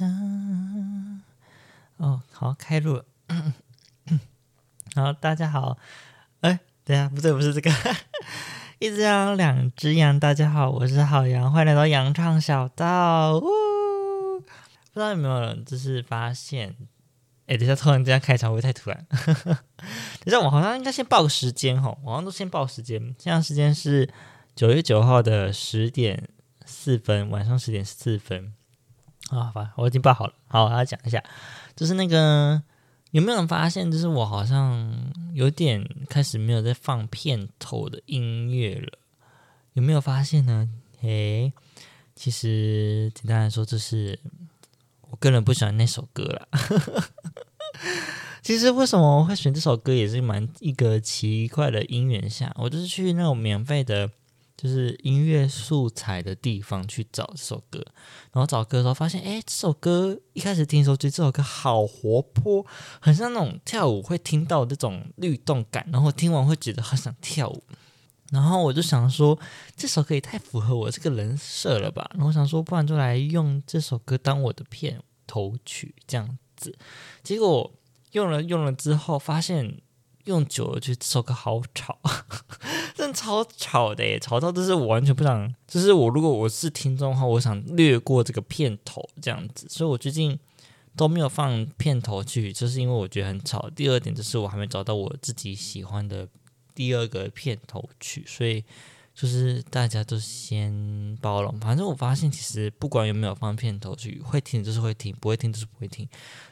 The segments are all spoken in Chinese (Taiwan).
啊。哦，好，開錄了。 好，大家好。哎、欸，等下，不對，不是這個。一只羊，兩只羊。大家好，我是好羊，歡迎來到羊唱小道。不知道有沒有人就是發現？哎、欸，等下，突然這樣開場會不會太突然？呵呵等下，我好像應該先報個時間哈。我好像都先報時間。現在時間是九月九號的十點四分，晚上十點四分。啊，好吧，我已經報好了。好，我要講一下，就是那個有沒有人發現，就是我好像有點開始沒有在放片頭的音樂了，有沒有發現呢？哎，其實簡單來說，就是我個人不喜歡那首歌啦。 其實為什麼我會選這首歌，也是蠻一個奇怪的因緣。下我就是去那種免費的。就是音樂素材的地方去找這首歌，然後找歌的時候發現，哎，這首歌一開始聽的時候覺得這首歌好活潑，很像那種跳舞會聽到這種律動感，然後聽完會覺得好想跳舞。然後我就想說，這首歌也太符合我這個人設了吧？然後想說，不然就來用這首歌當我的片頭曲這樣子。結果用了用了之後，發現。用久了覺得這首歌好吵， 真超吵的耶！吵到就是我完全不想，就是我如果我是聽眾的話，我想略過這個片頭這樣子。所以我最近都沒有放片頭曲，就是因為我覺得很吵。第二點就是我還沒找到我自己喜歡的第二個片頭曲，所以就是大家都先包容。反正我發現其實不管有沒有放片頭曲，會聽就是會聽，不會聽就是不會聽。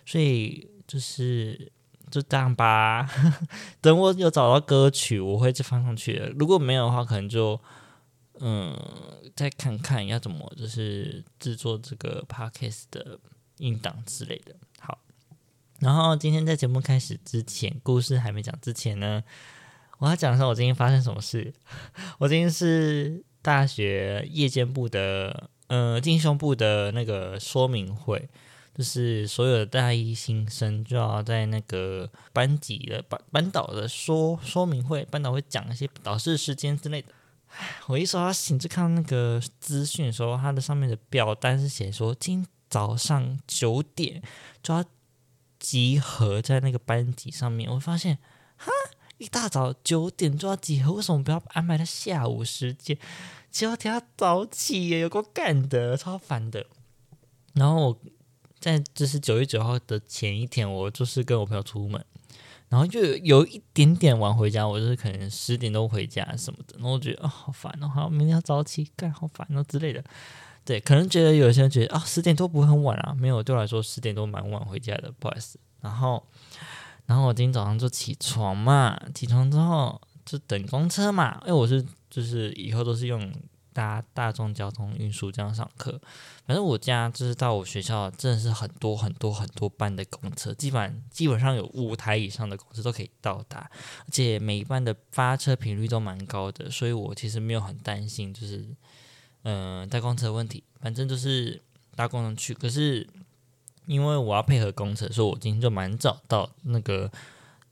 所以就是。就這樣吧呵呵，等我有找到歌曲，我會再放上去。如果沒有的話，可能就嗯、呃，再看看要怎麼就是制作這個 podcast 的音檔之類的。好，然後今天在節目開始之前，故事還沒講之前呢，我要講一下我今天發生什麼事。我今天是大學夜間部的，嗯、呃，進修部的那個說明會。就是所有的大一新生就要在那個班級的班班導的說說明會，班導會講一些導師的時間之類的。唉，我一說要醒，就看到那個資訊的時候，它的上面的表單是寫說今天早上九點就要集合在那個班級上面。我發現哈，一大早九點就要集合，為什麼不要安排在下午時間？九點要早起，有夠乾的，超煩的。然後我。但就是九月九號的前一天，我就是跟我朋友出門，然後就有一點點晚回家，我就是可能十點鐘回家什麼的，然後我覺得、哦、好煩哦，好明天要早起，幹好煩哦之類的，對，可能覺得有些人覺得啊十點多不會很晚啊，沒有，對我來說十點多蠻晚回家的，不好意思。然後，然後我今天早上就起床嘛，起床之後就等公車嘛，因為我是就是以後都是用。搭大眾交通運輸這樣上課，反正我家就是到我學校，真的是很多很多很多班的公車，基本基本上有五台以上的公車都可以到達，而且每一班的發車頻率都蠻高的，所以我其實沒有很擔心，就是嗯搭、呃、公車問題，反正就是搭公車去。可是因為我要配合公車，所以我今天就蠻早到那個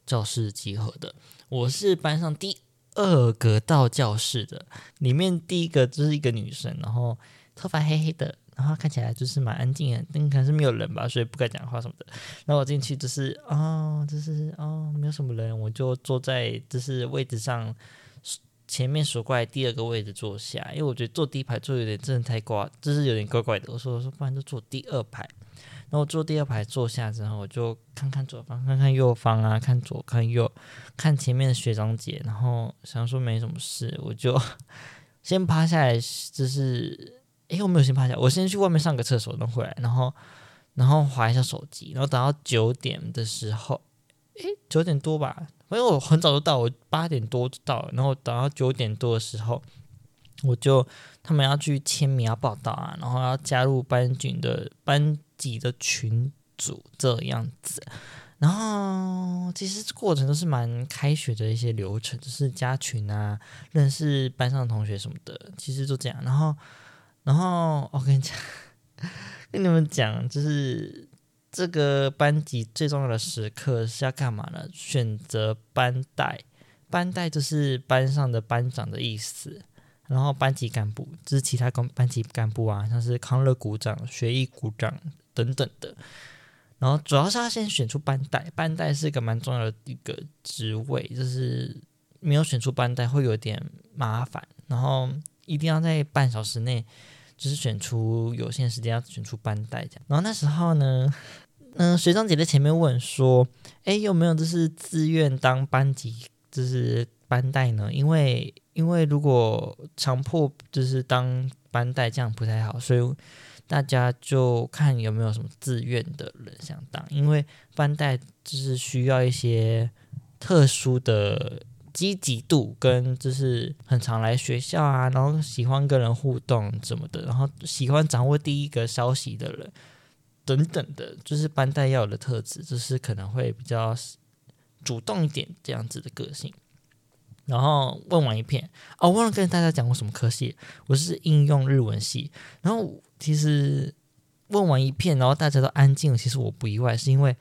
教室集合的。我是班上第二格到教室的裡面，第一個就是一個女生，然後頭髮黑黑的，然後看起來就是蠻安靜的。但可能是沒有人吧，所以不敢講話什麼的。然後我進去就是哦，就是哦，沒有什麼人，我就坐在就是位置上前面數過來第二個位置坐下。因為我覺得坐第一排坐有點真的太乖，就是有點怪怪的。我說我說，不然就坐第二排。那我坐第二排坐下之後，我就看看左方，看看右方啊，看左看右，看前面的學長姐，然後想說沒什麼事，我就先趴下來，就是誒我沒有先趴下來，我先去外面上個廁所，等會，然後然後劃一下手機，然後等到九點的時候，誒九點多吧，因為我很早就到，我八點多就到了，然後等到九點多的時候，我就他們要去簽名要報到啊，然後要加入班群的班，你的群組這樣子，然後其實過程都是蠻開學的一些流程，就是加群啊，認識班上同學什麼的，其實就這樣。然後，然後我跟你講，跟你們講，就是這個班級最重要的時刻是要幹嘛呢？選擇班代，班代就是班上的班長的意思。然後班級幹部就是其他公班級幹部啊，像是康樂股長、學藝股長。等等的，然後主要是他先選出班代，班代是一個蠻重要的一個職位，就是沒有選出班代會有點麻煩，然後一定要在半小時內，就是選出有限時間要選出班代這樣。然後那時候呢，嗯、呃，學長姐在前面問說，哎，有沒有就是自願當班級就是班代呢？因為因為如果強迫就是當班代這樣不太好，所以。大家就看有沒有什麼自願的人想當，因為班代就是需要一些特殊的積極度，跟就是很常來學校啊，然後喜歡跟人互動什麼的，然後喜歡掌握第一個消息的人等等的，就是班代要有的特質，就是可能會比較主動一點這樣子的個性。然後問完一遍我、哦、忘了跟大家講過什麼科系，我是應用日文系，然後。其實問完一遍，然後大家都安靜了，其實我不意外，是因為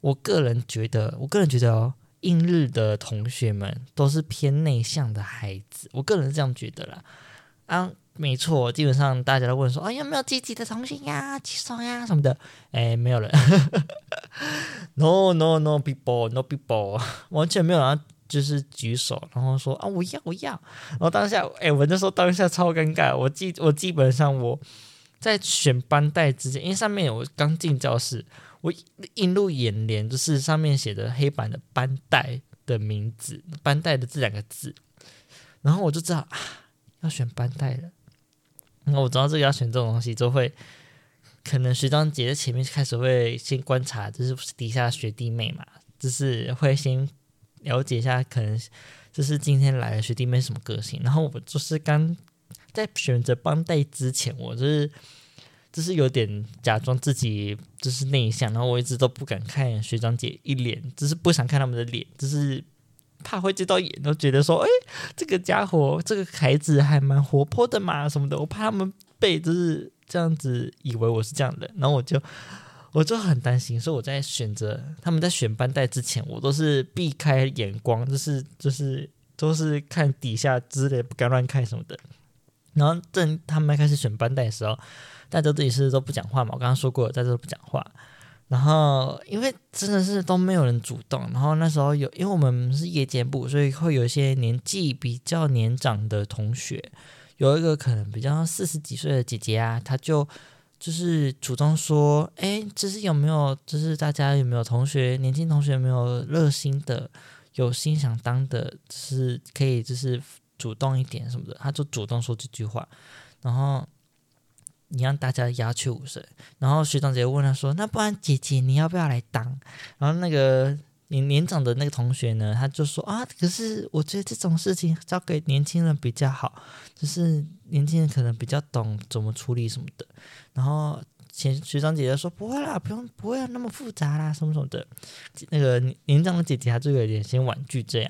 我個人覺得，我個人覺得哦、英日的同學們都是偏內向的孩子，我個人是這樣覺得啦。啊，沒錯，基本上大家都問說：“啊、哦，有沒有積極的同學呀？舉手呀什麼的？”哎，沒有人。 no, no, no people, no people，完全沒有人然後就是舉手，然後說：“啊，我要，我要。”然後當下，哎，我就說當下超尷尬。我記，我基本上我。在選班代之前，因為上面有，我剛進教室，我映入眼簾就是上面寫着黑板的班代的名字，班代的這兩個字，然後我就知道啊，要選班代了。然後我知道這個要選這種東西，就會可能學長姐在前面開始會先觀察，就是底下學弟妹嘛，就是會先了解一下，可能就是今天來的學弟妹什麼個性。然後我就是剛。在選擇班代之前，我、就是就是有點假裝自己就是內向，然後我一直都不敢看學長姐一臉，只、就是不想看他們的臉，就是怕會接到眼，都覺得說：“誒、欸，這個傢伙，這個孩子還蠻活潑的嘛，什麼的。”我怕他們被就是這樣子以為我是這樣的，然後我就我就很擔心，所以我在選擇他們在選班代之前，我都是避開眼光，就是就是都是看底下之類的，不敢亂看什麼的。然後正他們開始選班代的時候，大家都自己是都不講話嘛。我剛剛說過，大家都不講話。然後因為真的是都沒有人主動。然後那時候有，因為我們是夜間部，所以會有一些年紀比較年長的同學，有一個可能比較四十幾歲的姐姐啊，她就就是主動說，哎，就是有沒有，就是大家有沒有同學，年輕同學有沒有熱心的，有心想當的，就是可以，就是。主動一點什麼的，他就主動說這句話，然後你讓大家鴉雀無聲。然後學長姐問他說：“那不然姐姐你要不要來當？”然後那個年年長的那個同學呢，他就說：“啊，可是我覺得這種事情交給年輕人比較好，就是年輕人可能比較懂怎麼處理什麼的。”然後前學長姐姐說：“不會啦，不用，不會、啊、那麼複雜啦，什麼什麼的。”那個年長的姐姐還是有點先婉拒這樣。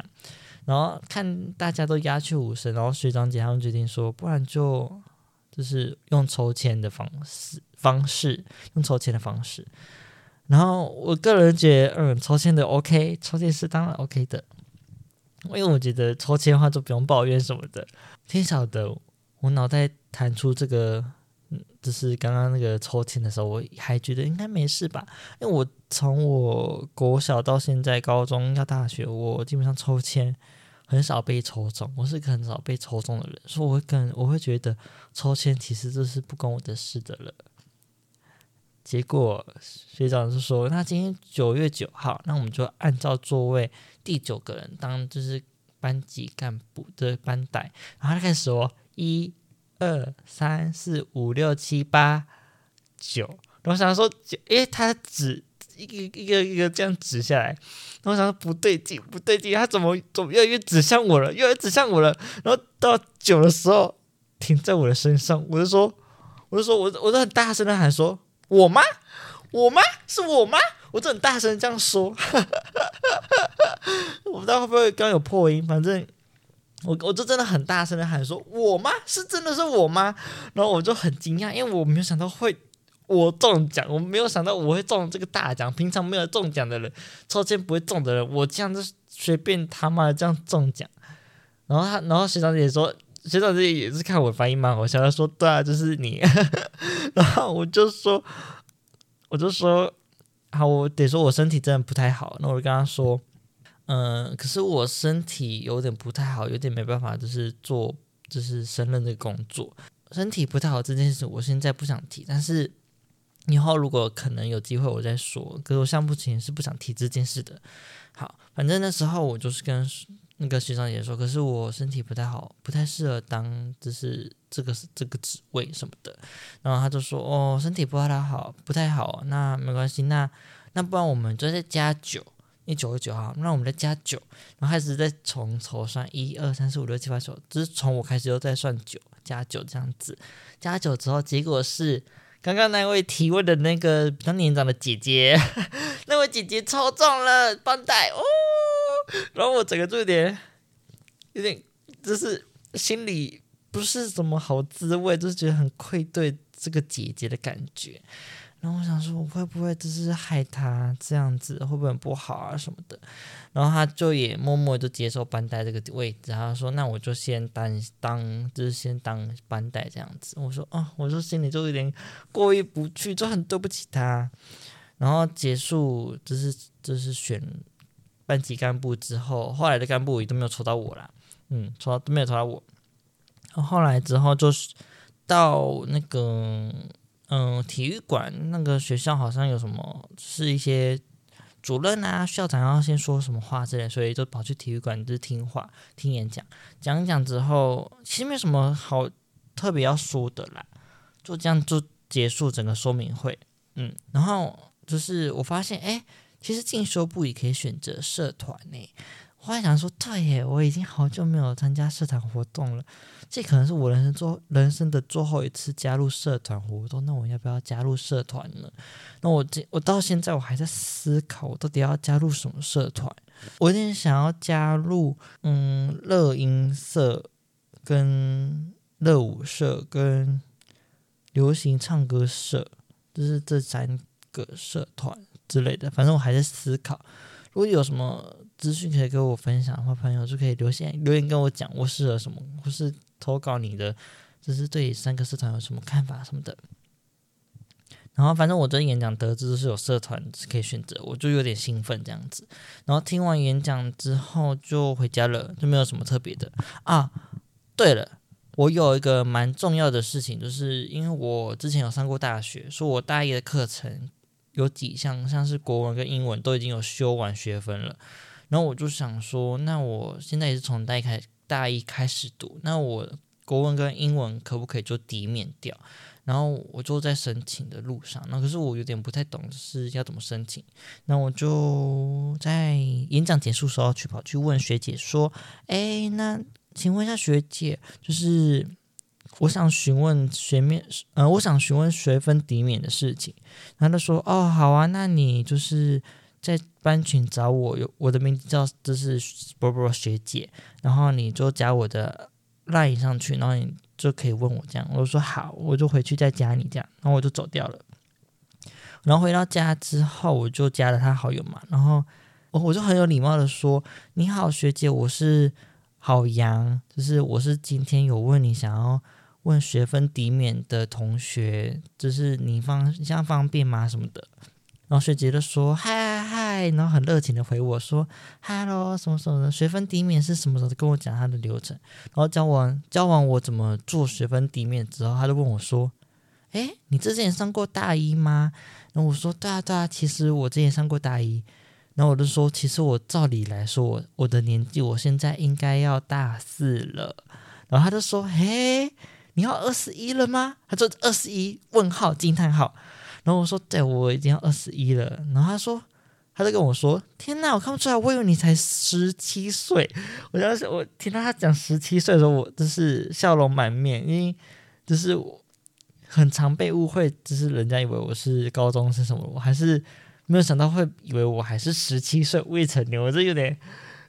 然後看大家都鴉雀無聲，然後學長姐他們決定說，不然就就是用抽籤的方式方式，用抽籤的方式。然後我個人覺得，嗯，抽籤的 OK，抽籤是當然 OK 的，因為我覺得抽籤的話就不用抱怨什麼的。天曉得，我腦袋彈出這個，嗯，就是剛剛那個抽籤的時候，我還覺得應該沒事吧，因為我。從我國小到現在高中到大學，我基本上抽籤很少被抽中，我是個很少被抽中的人，所以我很我會覺得抽籤其實就是不關我的事的了。結果學長是說：“那今天九月九號，那我們就按照座位第九個人當就是班級幹部的、就是、班代。”然後他開始說：“一、二、三、四、五、六、七、八、九。”然後我想說：“九，哎，他只。”一個一個一個這樣指下來，然後我想說不對勁不對勁，他怎麼怎麼越來越指向我了，越來越指向我了。然後到九的時候停在我的身上，我就說，我就說我我都很大聲的喊說，我嗎？我嗎？是我嗎？我就很大聲，很大聲這樣說。哈哈哈，我不知道會不會剛有破音，反正我我就真的很大聲的喊說，我嗎？是真的是我嗎？然後我就很驚訝，因為我沒有想到會。我中獎，我沒有想到我會中這個大獎。平常沒有中獎的人，抽籤不會中的人，我這樣就隨便他媽這樣中獎。然後他，然後學長姐說，學長姐也是看我發音嘛，我想要說：“對啊，就是你。 ”然後我就說，我就說，好，我得說我身體真的不太好。那我就跟他說：“嗯、呃，可是我身體有點不太好，有點沒辦法，就是做，就是勝任這個工作。身體不太好這件事，我現在不想提，但是。”以後如果可能有機會，我再說。可是我目前是不想提這件事的。好，反正那時候我就是跟那個學長也說，可是我身體不太好，不太適合當就是這個這個職位什麼的。然後他就說：“哦，身體不太好，好，不太好，那沒關係，那那不然我們就再加九，一九九號。那我們再加九，然後開始再從頭算一二三四五六七八九，就是從我開始又再算九加九這樣子，加九之後，結果是。”剛剛那位提問的那個比較年長的姐姐，那位姐姐抽中了，繃帶哦，然後我整個重點有點，就是心裡不是什麼好滋味，就是覺得很愧對這個姐姐的感覺。然後我想說，我會不會就是害他這樣子，會不會很不好啊什麼的？然後他就也默默就接受班代這個位置。他說：“那我就先擔當，就是先當班代這樣子。”我說：“哦，我說心裡就有點過意不去，就很對不起他。”然後結束，就是就是選班級幹部之後，後來的幹部也都沒有抽到我啦。嗯，抽到都沒有抽到我。然後後來之後就是到那個。嗯，體育館那個學校好像有什麼、就是一些主任啊、校長要先說什麼話之類，所以就跑去體育館就是聽話聽演講，講講之後，其實沒什麼好特別要說的啦，就這樣就結束整個說明會。嗯，然後就是我發現，哎、欸，其實進修部也可以選擇社團呢、欸。我還想說，對耶，我已經好久沒有參加社團活動了。這可能是我人生做人生的最後一次加入社團活動。那我要不要加入社團呢？那我這我到現在我還在思考，我到底要加入什麼社團？我有點想要加入，嗯，樂音社、跟樂舞社、跟流行唱歌社，就是這三個社團之類的。反正我還在思考，如果有什麼。資訊可以跟我分享，或朋友就可以留下留言跟我講，我是有什麼，或是投稿你的，只是對三個社團有什麼看法什麼的。然後，反正我的演講得知是有社團可以選擇，我就有點興奮這樣子。然後聽完演講之後就回家了，就沒有什麼特別的啊。對了，我有一個蠻重要的事情，就是因為我之前有上過大學，所以我大一的課程有幾項，像是國文跟英文都已經有修完學分了。然後我就想說，那我現在也是從大一開大一開始讀，那我國文跟英文可不可以做抵免掉？然後我就在申請的路上，那可是我有點不太懂是要怎麼申請。那我就在演講結束時候去跑去問學姐說：“哎，那請問一下學姐，就是我想詢問學面，呃，我想詢問學分抵免的事情。”然後她說：“哦，好啊，那你就是。”在班群找我，有我的名字叫就是波波學姐，然後你就加我的 line 上去，然後你就可以問我這樣。我就說好，我就回去再加你這樣，然後我就走掉了。然後回到家之後，我就加了他好友嘛，然後我我就很有禮貌的說：“你好，學姐，我是郝陽，就是我是今天有問你想要問學分抵免的同學，就是你方現在方便嗎？什麼的。”然後學姐就說，嗨嗨，然後很熱情的回我說哈嘍，什麼什麼的。學分抵免是什麼時候跟我講他的流程，然後教完教完我怎麼做學分抵免之後，他就問我說：“誒，你之前上過大一嗎？”然後我說：“對啊對啊，其實我之前上過大一。”然後我就說：“其實我照理來說，我，我的年紀我現在應該要大四了。”然後他就說：“嘿，你要二十一了嗎？”他說：“二十一？”問號驚嘆號。然後我說：“對，我已經要二十一了。”然後他說：“他就跟我說，天哪，我看不出來，我以為你才十七歲。我”我當時我聽到他講十七歲的時候，我就是笑容滿面，因為就是我很常被誤會，就是人家以為我是高中是什麼，我還是沒有想到會以為我還是十七歲未成年，我就有點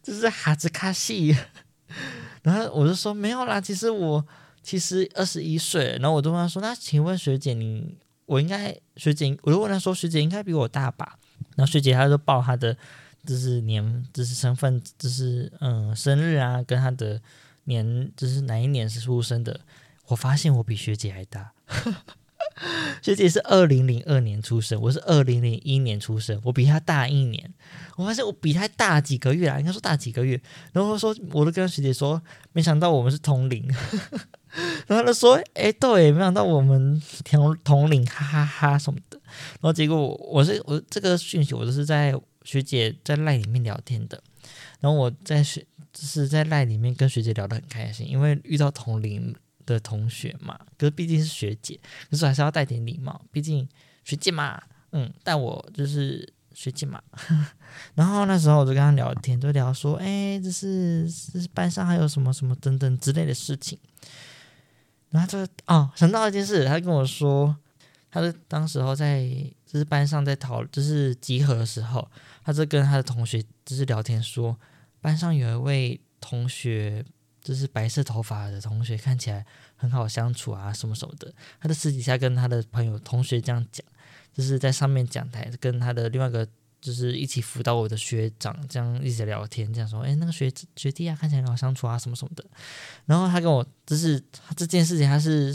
就是哈子卡西。然後我就說：“沒有啦，其實我其實二十一歲。”然後我就跟他說：“那請問學姐你？”我應該學姐，我就問她說，學姐應該比我大吧？然後學姐她就報她的，就是年，就是身份，就是嗯，生日啊，跟她的年，就是哪一年是出生的。我發現我比學姐還大， 學姐是二零零二年出生，我是二零零一年出生，我比她大一年。我發現我比她大幾個月啊，應該說大幾個月。然後我說我就跟學姐說，沒想到我們是同齡。 然後他說：“哎，對，沒想到我們同同齡，哈哈哈什麼的。”然後結果我是我是我這個訊息我都是在學姐在賴裡面聊天的。然後我在學就是在賴裡面跟學姐聊得很開心，因為遇到同齡的同學嘛，可畢竟是學姐，可是還是要帶點禮貌，畢竟學姐嘛，嗯，但我就是學姐嘛。呵呵，然後那時候我就跟他聊天，就聊說：“哎，這是這是班上還有什麼什麼等等之類的事情。”然後就是哦，想到一件事，他就跟我說，他的當時候在就是班上在討，就是集合的時候，他就跟他的同學就是聊天說，班上有一位同學就是白色頭髮的同學，看起來很好相處啊，什麼什麼的。他的私底下跟他的朋友同學這樣講，就是在上面講台跟他的另外一個。就是一起輔導我的學長，這樣一直聊天，這樣說，哎、欸，那個學學弟啊，看起來很好相處啊，什麼什麼的。然後他跟我，就是這件事情，他是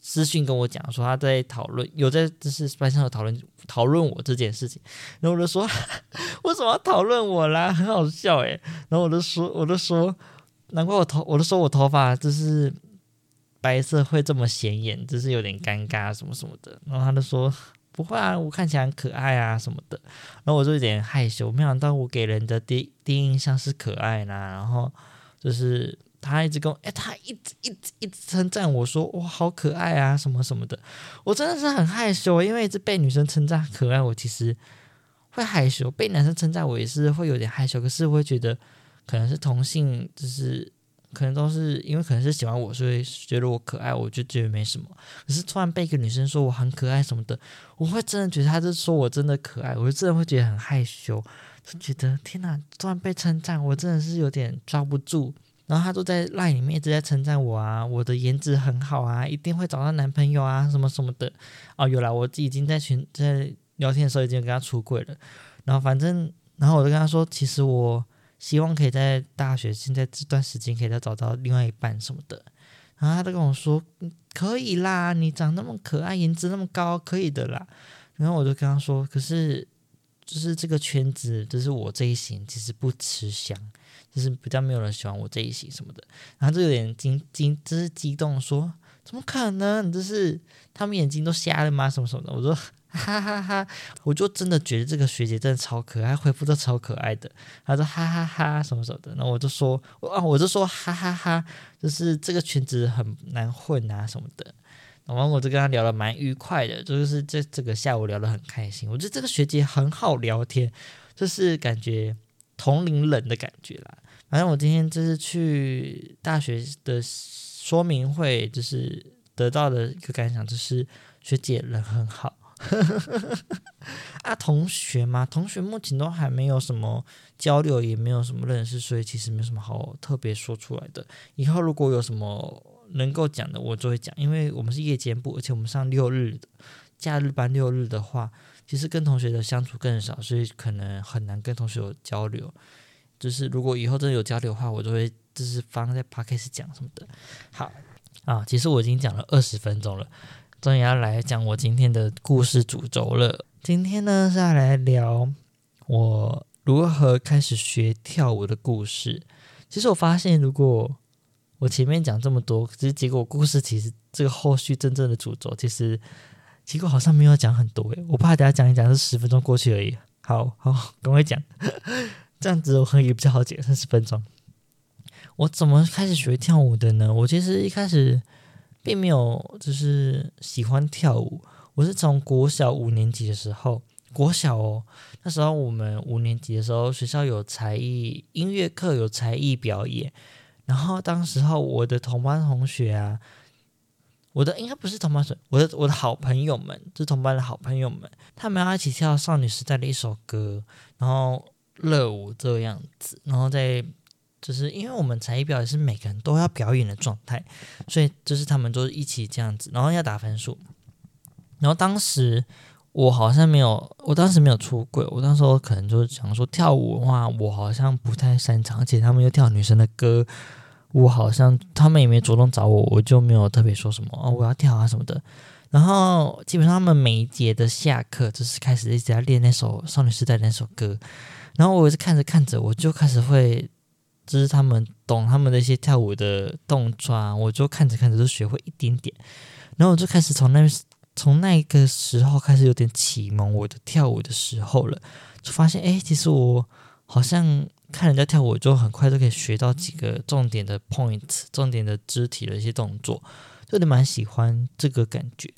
私訊跟我講，說他在討論，有在就是班上有討論討論我這件事情。然後我就說，為什麼要討論我啦？很好笑哎、欸。然後我就說，我就說，難怪我頭，我都說我頭髮就是白色會這麼顯眼，就是有點尷尬什麼什麼的。然後他就說。不會啊，我看起來很可愛啊什麼的，然後我就有點害羞。沒想到我給人的第一第一印象是可愛啦、啊，然後就是他一直跟我，哎，他一直一直一直稱讚我說，哇，好可愛啊什麼什麼的。我真的是很害羞，因為一直被女生稱讚可愛，我其實會害羞。被男生稱讚我也是會有點害羞，可是我會覺得可能是同性，就是。可能都是因為可能是喜歡我，所以覺得我可愛，我就覺得沒什麼。可是突然被一個女生說我很可愛什麼的，我會真的覺得她是說我真的可愛，我就真的會覺得很害羞，就覺得天哪，突然被稱讚，我真的是有點抓不住。然後她就在賴裡面一直在稱讚我啊，我的顏值很好啊，一定會找到男朋友啊，什麼什麼的。哦、啊，有啦，我已經在群在聊天的時候已經跟她出軌了。然後反正，然後我就跟她說，其實我。希望可以在大學現在這段時間可以再找到另外一半什麼的，然後他就跟我說可以啦，你長那麼可愛，顏值那麼高，可以的啦。然後我就跟他說，可是就是這個圈子，就是我這一型其實不吃香，就是比較沒有人喜歡我這一型什麼的。然後就有點驚驚，就是激動說，怎麼可能？這、就是他們眼睛都瞎了嗎？什麼什麼的，我說。哈哈哈，我就真的覺得這個學姐真的超可愛，回復都超可愛的。她說哈哈哈，哈什麼什麼的，然後我就說啊，我就說哈，哈哈哈，就是這個圈子很難混啊什麼的。然後我就跟她聊得蠻愉快的，就是這這個下午聊得很開心。我覺得這個學姐很好聊天，就是感覺同齡人的感覺啦。反正我今天就是去大學的說明會，就是得到的一個感想，就是學姐人很好。 啊，同學嘛，同學目前都還沒有什麼交流，也沒有什麼認識，所以其實沒有什麼好特別說出來的。以後如果有什麼能夠講的，我就會講，因為我們是夜間部，而且我們上六日假日班，六日的話，其實跟同學的相處更少，所以可能很難跟同學有交流。就是如果以後真的有交流的話，我就會就是放在 podcast 講什麼的。好啊，其實我已經講了二十分鐘了。終於要來講我今天的故事主軸了。今天呢，是要來聊我如何開始學跳舞的故事。其實我發現，如果我前面講這麼多，其實結果故事其實這個後續真正的主軸，其實結果好像沒有講很多，欸、我怕等下講一講，是十分鐘過去而已。好好，趕快講，這樣子我可以比較好講三十分鐘。我怎麼開始學跳舞的呢？我其實一開始。並沒有，就是喜歡跳舞。我是從國小五年級的時候，國小哦，那時候我們五年級的時候，學校有才藝，音樂課有才藝表演。然後當時候我的同班同學啊，我的應該不是同班，我的我的好朋友們，就是同班的好朋友們，他們要一起跳少女時代的一首歌，然後熱舞這樣子，然後在。就是因為我們才藝表演是每個人都要表演的狀態，所以就是他們都是一起這樣子，然後要打分數。然後當時我好像沒有，我當時沒有出櫃。我當時可能就是想說，跳舞的話我好像不太擅長，而且他們又跳女生的歌，我好像他們也沒主動找我，我就沒有特別說什麼哦，我要跳啊什麼的。然後基本上他們每一節的下課就是開始一直在練那首少女時代那首歌，然後我是看着看着，我就開始會。就是他們懂他們的一些跳舞的動作、啊，我就看着看着都學會一點點，然後我就開始從那從那個時候開始有點啟蒙我的跳舞的時候了，就發現哎、欸，其實我好像看人家跳舞就很快就可以學到幾個重點的 point，重點的肢體的一些動作，就有點蠻喜歡這個感覺。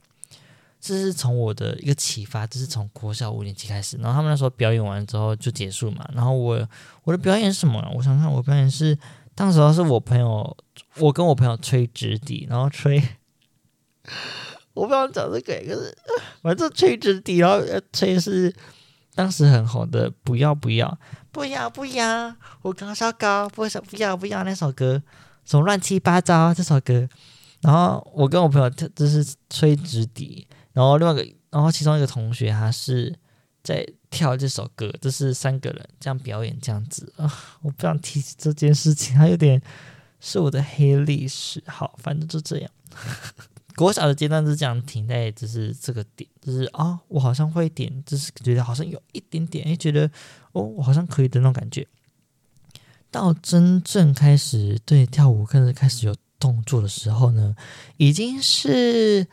這是從我的一個啟發，這是從國小五年級開始。然後他們那時候表演完之後就結束嘛。然後我我的表演是什麼？我想想，我表演是當時是我朋友，我跟我朋友吹直笛，然後吹。我不知道講這個，可是反正吹直笛，然後吹是當時很紅的“不要不要，不要不要，我剛燒高，不要不要，不要那首歌，什麼亂七八糟這首歌。”然後我跟我朋友，他就是吹直笛。然後另外一個，然後其中一個同學，他是在跳這首歌，就是三個人這樣表演這樣子啊、呃！我不想提起這件事情，他有點是我的黑歷史。好，反正就這樣。 國小的階段就是這樣停在，只、就是這個點，就是啊、哦，我好像會點，就是覺得好像有一點點，哎，覺得哦，我好像可以的那種感覺。到真正開始對跳舞開始開始有動作的時候呢，已經是。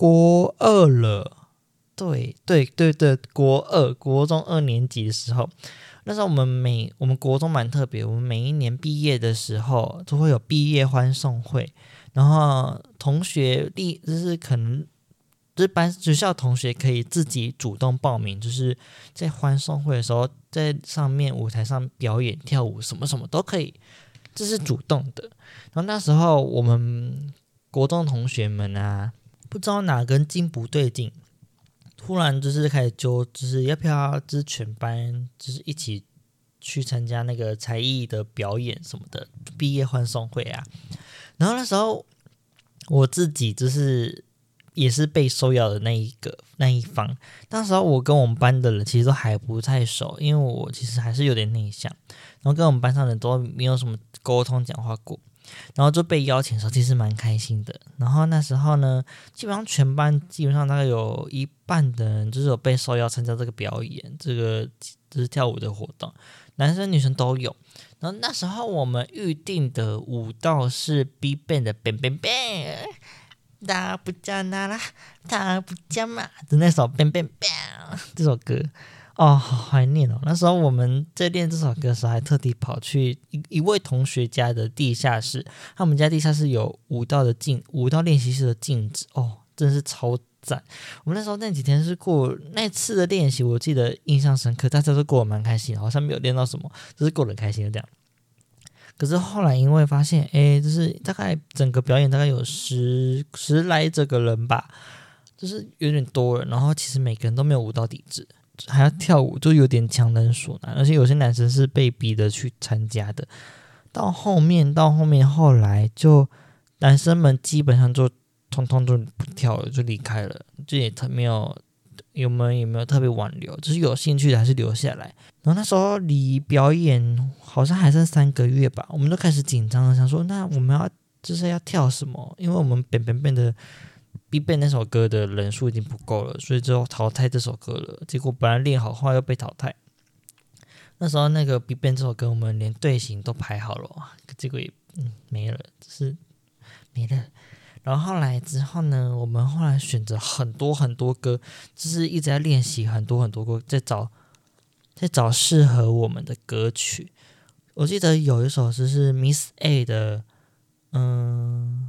國二了，對對對對，國二，國中二年級的時候，那時候我們每我們國中蠻特別，我們每一年畢業的時候都會有畢業歡送會，然後同學第就是可能，就是班學校同學可以自己主動報名，就是在歡送會的時候在上面舞台上表演跳舞什麼什麼都可以，這是主動的。然後那時候我們國中同學們啊。不知道哪根筋不對勁，突然就是開始揪，就是要不要啊，就是全班就是一起去參加那個才藝的表演什麼的，畢業歡送會啊。然後那時候我自己就是也是被受邀的那一個那一方。當時我跟我們班的人其實都還不太熟，因為我其實還是有點內向，然後跟我們班上的人都沒有什麼溝通講話過。然後就被邀請的時候，其實蠻開心的。然後那時候呢，基本上全班基本上大概有一半的人，就是有被受邀參加這個表演，這個就是跳舞的活動，男生女生都有。然後那時候我們預定的舞蹈是 BIGBANG 的 bang bang bang，他不叫哪啦，他不叫嘛，就那首 bang bang bang 這首歌。哦，好懷念哦！那時候我們在練這首歌的時候，還特地跑去一一位同學家的地下室。他們家地下室有舞蹈的鏡，舞蹈練習室的鏡子哦，真的是超讚。我們那時候那幾天是過那次的練習，我記得印象深刻，大家都過得蠻開心，好像沒有練到什麼，就是過得很開心的這樣。可是後來因為發現，哎、欸，就是大概整個表演大概有十十來這個人吧，就是有點多人，然後其實每個人都沒有舞蹈底子。還要跳舞，就有點強人所難，而且有些男生是被逼的去參加的。到後面，到後面，後來就男生們基本上就通通都不跳了，就離開了，就也特沒有，有沒有有沒有特別挽留，就是有興趣的還是留下來。然後那時候離表演好像還剩三個月吧，我們都開始緊張了，想說那我們要就是要跳什麼，因為我們變變變的。Big Bang 那首歌的人數已經不夠了，所以就淘汰這首歌了。結果本來練好，後來又被淘汰。那時候那個 Big Bang 這首歌，我們連隊形都排好了，結果也、嗯、沒了，就是沒了。然後後來之後呢，我們後來選擇很多很多歌，就是一直在練習很多很多歌，在找在找適合我們的歌曲。我記得有一首就是 Miss A 的，嗯。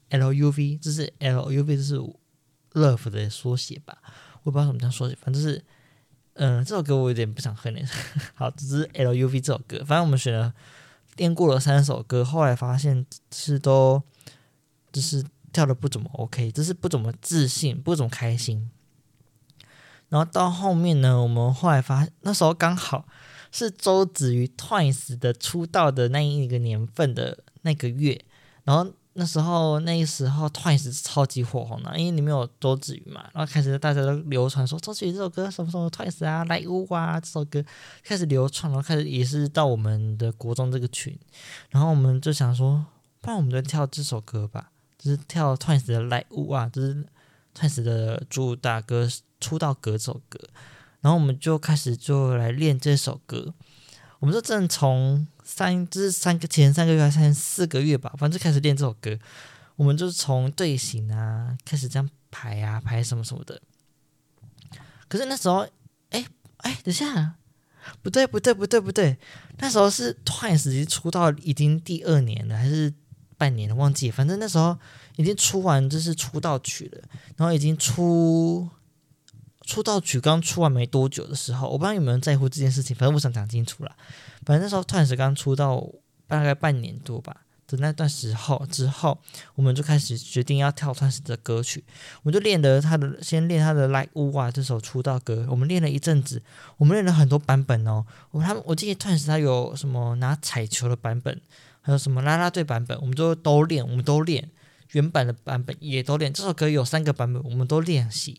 L U V，這是 L U V，這是 love 的縮寫吧？我不知道什麼叫縮寫，反正是，嗯、呃，這首歌我有點不想哼了。 好，這是 L U V 這首歌。反正我們選了練過了三首歌，後來發現這是都就是跳得不怎麼 OK，就是不怎麼自信，不怎麼開心。然後到後面呢，我們後來發，那時候剛好是周子瑜 Twice 的出道的那一個年份的那個月，然後。那時候，那個時候 twice 是超級火紅的啊，因為裡面有周子瑜嘛，然後開始大家都流傳說周子瑜這首歌什麼什麼 twice 啊，來烏啊，這首歌開始流傳，然後開始也是到我們的國中這個群，然後我們就想說，不然我們就跳這首歌吧，就是跳 twice 的來烏啊，就是 twice 的主打歌出道歌這首歌，然後我們就開始就來練這首歌，我們就正從。三就是三個前三個月還是四個月吧，反正就開始練這首歌，我們就是從隊形啊開始這樣排啊排什麼什麼的。可是那時候，哎、欸、哎、欸，等一下，不對不對不對不對，那時候是 Twice 已經出道已經第二年了還是半年了，忘記，反正那時候已經出完就是出道曲了，然後已經出。出道曲剛出完沒多久的時候，我不知道有沒有人在乎這件事情，反正我想講清楚了。反正那時候鑽石剛出道大概半年多吧的那段時候之後，我們就開始決定要跳鑽石的歌曲，我們就練了他的先練他的 Like U 啊這首出道歌，我們練了一陣子，我們練了很多版本哦。我他我記得鑽石他有什麼拿彩球的版本，還有什麼啦啦隊版本，我們都都練，我們都練原版的版本也都練。這首歌有三個版本，我們都練習。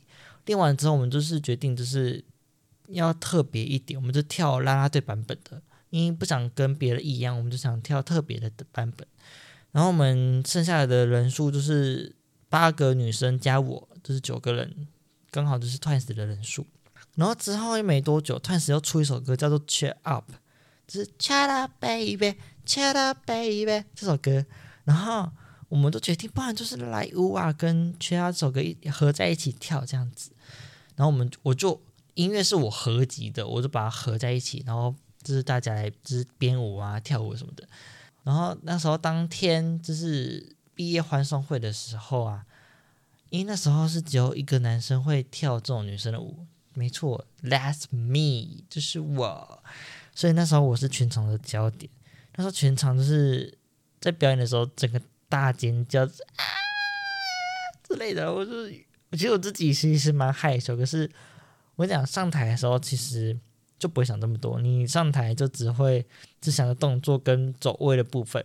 練完之後，我們就是決定就是要特別一點，我們就跳啦啦隊版本的，因為不想跟別人一樣，我們就想跳特別的的版本。然後我們剩下的人數就是八個女生加我，就是九個人，剛好就是 TWICE 的人數。然後之後又沒多久，TWICE 又出一首歌叫做《Cheer Up》，就是 Cheer Up Baby，Cheer Up Baby 這首歌，然後。我們都決定，不然就是來舞啊，跟其他首歌一合在一起跳這樣子。然後我們我就音樂是我合集的，我就把它合在一起。然後就是大家來就是編舞啊、跳舞什麼的。然後那時候當天就是畢業歡送會的時候啊，因為那時候是只有一個男生會跳這種女生的舞，沒錯，That's me，就是我，所以那時候我是全場的焦點。那時候全場就是在表演的時候，整個。大尖叫之啊之類的，我就，我覺得我自己其實是蠻害羞，可是我講上台的時候其實就不會想這麼多，你上台就只會只想着動作跟走位的部分，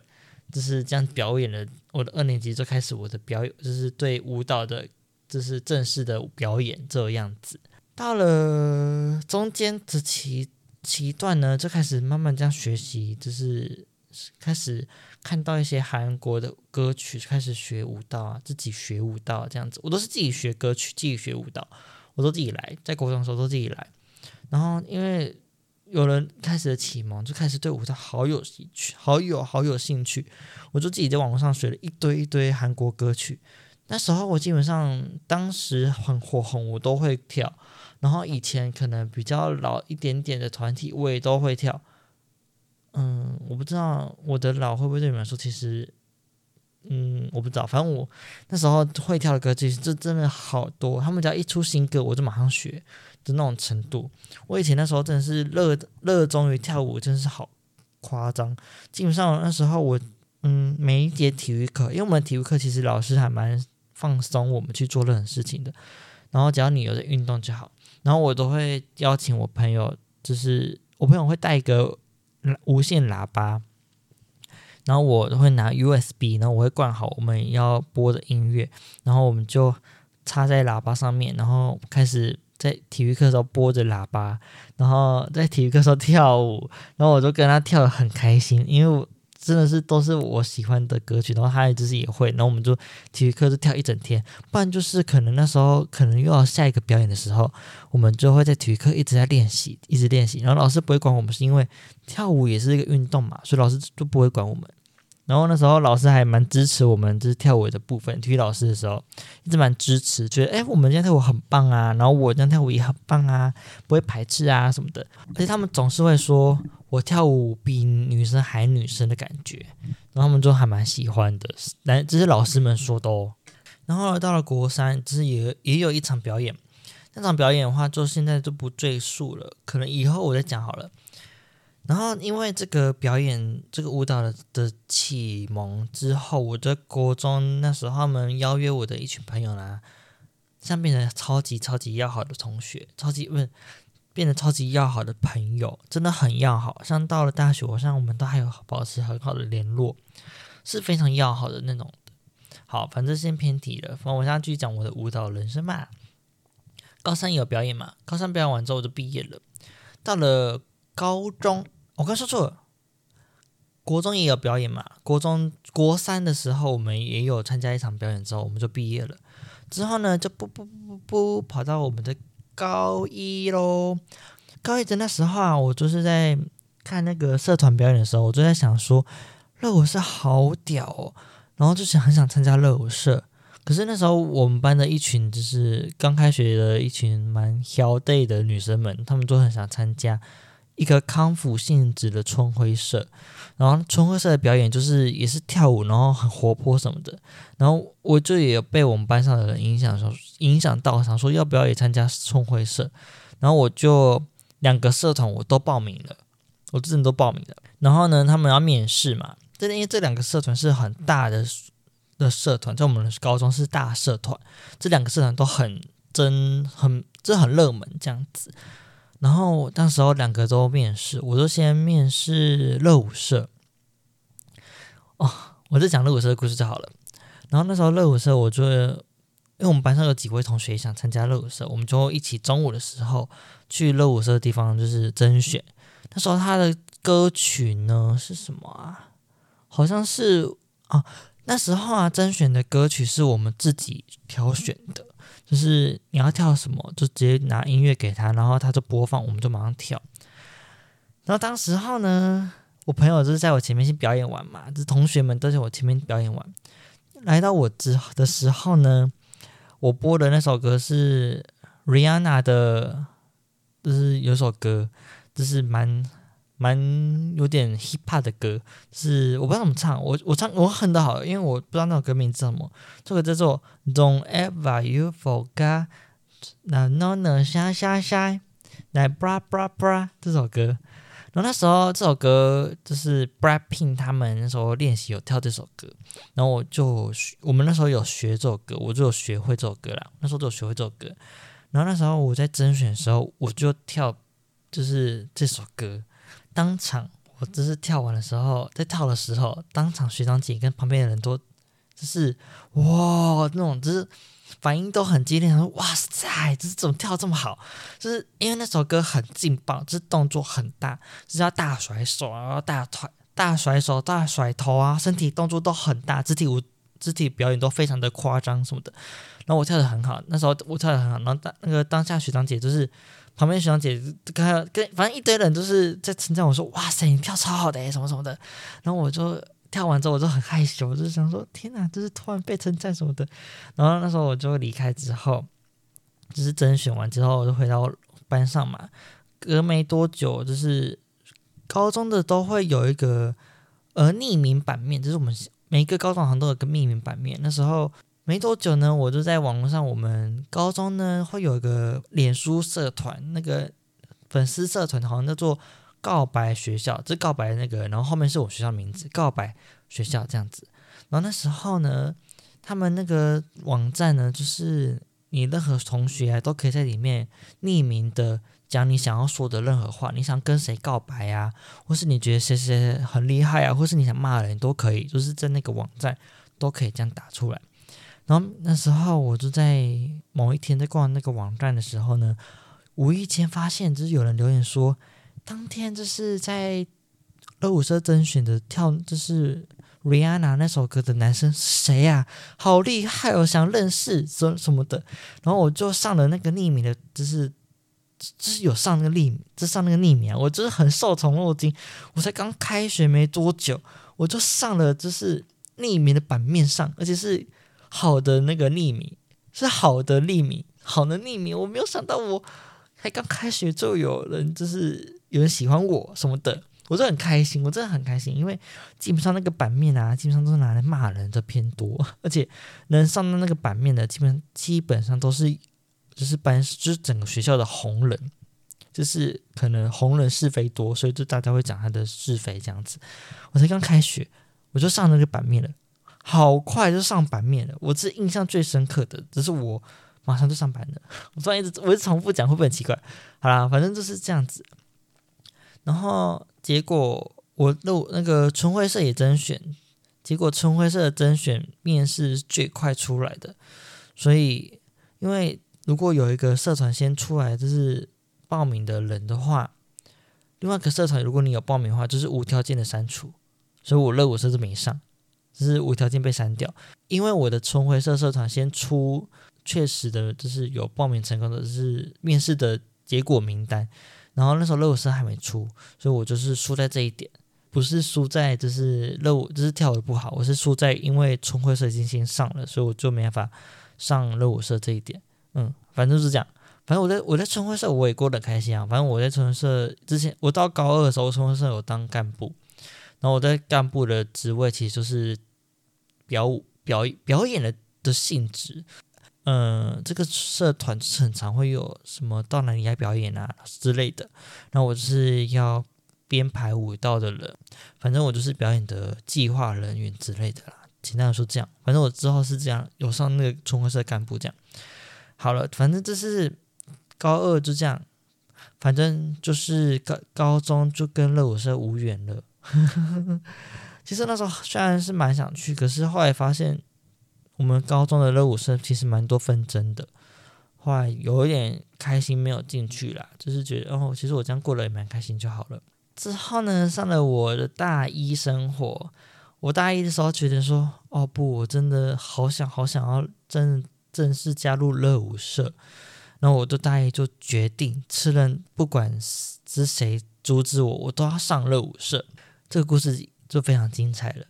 就是這樣表演的。我的二年級就開始我的表演，就是對舞蹈的，就是正式的表演這樣子。到了中間這期期段呢，就開始慢慢這樣學習，就是開始。看到一些韓國的歌曲，就開始學舞蹈啊，自己學舞蹈這樣子，我都是自己學歌曲，自己學舞蹈，我都自己來，在國中的時候都自己來。然後因為有人開始的啟蒙，就開始對舞蹈好有興趣，好有好有興趣，我就自己在網絡上學了一堆一堆韓國歌曲。那時候我基本上當時很火紅，我都會跳。然後以前可能比較老一點點的團體，我也都會跳。嗯，我不知道我的老會不會對你們說，其實，嗯，我不知道。反正我那時候會跳的歌，其實這真的好多。他們只要一出新歌，我就馬上學的那種程度。我以前那時候真的是熱熱衷於跳舞，真的是好誇張。基本上那時候我，嗯，每一節體育課，因為我們體育課其實老師還蠻放鬆我們去做任何事情的，然後只要你有在運動就好。然後我都會邀請我朋友，就是我朋友會帶一個。無線喇叭，然後我會拿 USB，然後我會灌好我們要播的音樂，然後我們就插在喇叭上面，然後開始在體育課時候播着喇叭，然後在體育課時候跳舞，然後我就跟他跳得很開心，因為我。真的是都是我喜歡的歌曲，然後他一直也會，然後我們就體育課就跳一整天，不然就是可能那時候可能又要下一個表演的時候，我們就會在體育課一直在練習，一直練習，然後老師不會管我們，是因為跳舞也是一個運動嘛，所以老師就不會管我們。然後那時候老師還蠻支持我們，就是跳舞的部分，體育老師的時候一直蠻支持，覺得哎、欸，我們今天跳舞很棒啊，然後我今天跳舞也很棒啊，不會排斥啊什麼的，而且他們總是會說。我跳舞比女生還女生的感覺，然後我們就還蠻喜歡的，但這是老師們說的哦。然後到了國三，只是也也有一場表演，那場表演的話就現在就不贅述了，可能以後我再講好了。然後因為這個表演，這個舞蹈的啟蒙之後，我在國中那時候，他們邀約我的一群朋友啦，像變成超級超級要好的同學，超級問。變得超級要好的朋友，真的很要好。像到了大學，好像我們都還有保持很好的聯絡，是非常要好的那種的。好，反正先偏題了，反正我現在繼續講我的舞蹈人生嘛。高三有表演嘛，高三表演完之後我就畢業了。到了高中，我剛說錯了，國中也有表演嘛，國中國三的時候，我們也有參加一場表演，之後我們就畢業了。之後呢，就不不不不跑到我們的。高一咯，高一的那時候啊，我就是在看那個社團表演的時候，我就在想說，熱舞社好屌哦，然後就是很想參加熱舞社。可是那時候我們班的一群就是剛開學的一群蠻 holy 的女生們，她們都很想參加一個康復性質的春暉社。然後春暉社的表演就是也是跳舞，然後很活潑什麼的。然後我就也被我們班上的人影響，說影響到上，想說要不要也參加春暉社。然後我就兩個社團我都報名了，我真的都報名了。然後呢，他們要面試嘛，這因為這兩個社團是很大的的社團，在我們高中是大社團，這兩個社團都很爭，很這很熱門這樣子。然後，當時候兩個都面試，我就先面試熱舞社。哦，我再講熱舞社的故事就好了。然後那時候熱舞社，我就因為我們班上有幾位同學想參加熱舞社，我們就一起中午的時候去熱舞社的地方，就是甄選。那時候他的歌曲呢是什麼啊？好像是啊，那時候啊，甄選的歌曲是我們自己挑選的。就是你要跳什麼，就直接拿音樂給他，然後他就播放，我們就馬上跳。然後當時候呢，我朋友就是在我前面先表演完嘛，這、就是、同學們都在我前面表演完，來到我之後的時候呢，我播的那首歌是 Rihanna 的，就是有首歌，就是蠻。蠻有點 hip hop 的歌，就是我不知道怎麼唱，我我唱我哼得好，因為我不知道那首歌名字什麼。這個叫做 Don't ever you forget，那、nah, no、nah, no、nah, no、nah, no no，bra bra bra，這首歌。然後那時候這首歌就是 BLACKPINK 他們那時候練習有跳這首歌，然後我就我們那時候有學這首歌，我就有學會這首歌啦。那時候就有學會這首歌，然後那時候我在甄選的時候，我就跳就是這首歌。當場，我就是跳完的時候，在跳的時候，當場學長姐跟旁邊的人都，就是哇那種，就是反應都很激烈，說哇塞，這怎麼跳這麼好？就是因為那首歌很勁爆，就是動作很大，就是要大甩手啊，然後大甩大甩手，大甩頭啊，身體動作都很大，肢體舞肢體表演都非常的誇張什麼的。然後我跳得很好，那時候我跳得很好，然後當那個當下學長姐就是。旁邊學長姐，跟他跟，跟反正一堆人就是在稱讚我說：“哇塞，你跳超好的，欸、什麼什麼的。”然後我就跳完之後，我就很害羞，我就想說：“天哪、啊，這是突然被稱讚什麼的。”然後那時候我就離開之後，就是甄選完之後，我就回到班上嘛。隔沒多久，就是高中的都會有一個呃匿名版面，就是我們每一個高中好像都有個匿名版面。那時候。沒多久呢，我就在網絡上，我們高中呢會有一個臉書社團，那個粉絲社團好像叫做告白學校，這告白那個，然後後面是我學校名字，告白學校這樣子。然後那時候呢，他們那個網站呢，就是你任何同學啊，都可以在裡面匿名的講你想要說的任何話，你想跟誰告白呀，啊，或是你覺得誰誰很厲害啊，或是你想罵人，你都可以，就是在那個網站都可以這樣打出來。然後那時候我就在某一天在逛那個網站的時候呢，無意間發現就是有人留言說，當天就是在熱舞社甄選的跳就是 Rihanna 那首歌的男生是誰啊？好厲害哦！我想認識，說什麼的。然後我就上了那個匿名的，就是就是有上那個匿名，就是上那個匿名啊，我就是很受寵若驚。我才剛開學沒多久，我就上了就是匿名的版面上，而且是。好的那個匿名是好的匿名，好的匿名，我沒有想到我還剛開學就有人就是有人喜歡我什麼的，我真的很開心，我真的很開心，因為基本上那個版面啊，基本上都是拿來罵人的偏多，而且能上到那個版面的，基本基本上都是就是班就是整個學校的紅人，就是可能紅人是非多，所以就大家會講他的是非這樣子。我才剛開學，我就上那個版面了。好快就上版面了，我是印象最深刻的，只是我馬上就上版了。我突然一直，我一直重複講，會不會很奇怪？好啦，反正就是這樣子。然後結果我入那個春暉社也甄選，結果春暉社的甄選面試最快出來的，所以因為如果有一個社團先出來就是報名的人的話，另外一個社團如果你有報名的話，就是無條件的刪除。所以我熱舞社就沒上。就是無條件被刪掉，因為我的春暉社社團先出，確實的就是有報名成功的，就是面試的結果名單，然後那時候熱舞社還沒出，所以我就是輸在這一點，不是輸在就是熱舞就是跳得不好，我是輸在因為春暉社已經先上了，所以我就沒法上熱舞社這一點，嗯，反正就是這樣。反正我在我在春暉社我也過得開心啊，反正我在春暉社之前我到高二的時候我春暉社有當幹部，然後我在幹部的職位其實就是。表表演表演的的性質，嗯，這個社團是很常會有什麼到哪裡來表演啊之類的。那我就是要編排舞蹈的人，反正我就是表演的計劃人員之類的啦，簡單來說這樣。反正我之後是這樣，有上那個春暉社幹部這樣。好了，反正這是高二就這樣，反正就是高高中就跟樂舞社無緣了。 其實那時候雖然是蠻想去，可是後來發現我們高中的熱舞社其實蠻多紛爭的，後來有一點開心沒有進去啦，就是覺得哦，其實我這樣過了也蠻開心就好了。之後呢，上了我的大一生活，我大一的時候覺得說，哦不，我真的好想好想要真正式加入熱舞社。然後我的大一就決定，吃了不管是誰阻止我，我都要上熱舞社。這個故事。就非常精彩了。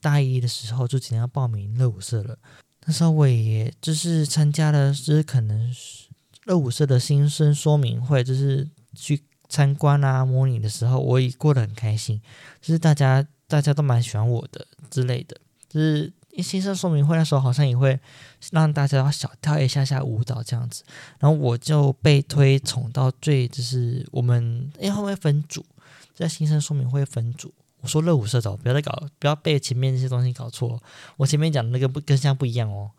大一的時候就盡量報名熱舞社了。那時候我也就是參加了，就是可能是熱舞社的新生說明會，就是去參觀啊、模擬的時候，我也過得很開心。就是大家大家都蠻喜歡我的之類的。就是新生說明會那時候好像也會讓大家小跳一下下舞蹈這樣子。然後我就被推崇到最，就是我們因為、欸、後面分組，在新生說明會分組。我說樂舞社的，不要再搞，不要被前面那些東西搞錯。我前面講的那個不跟現在不一樣哦。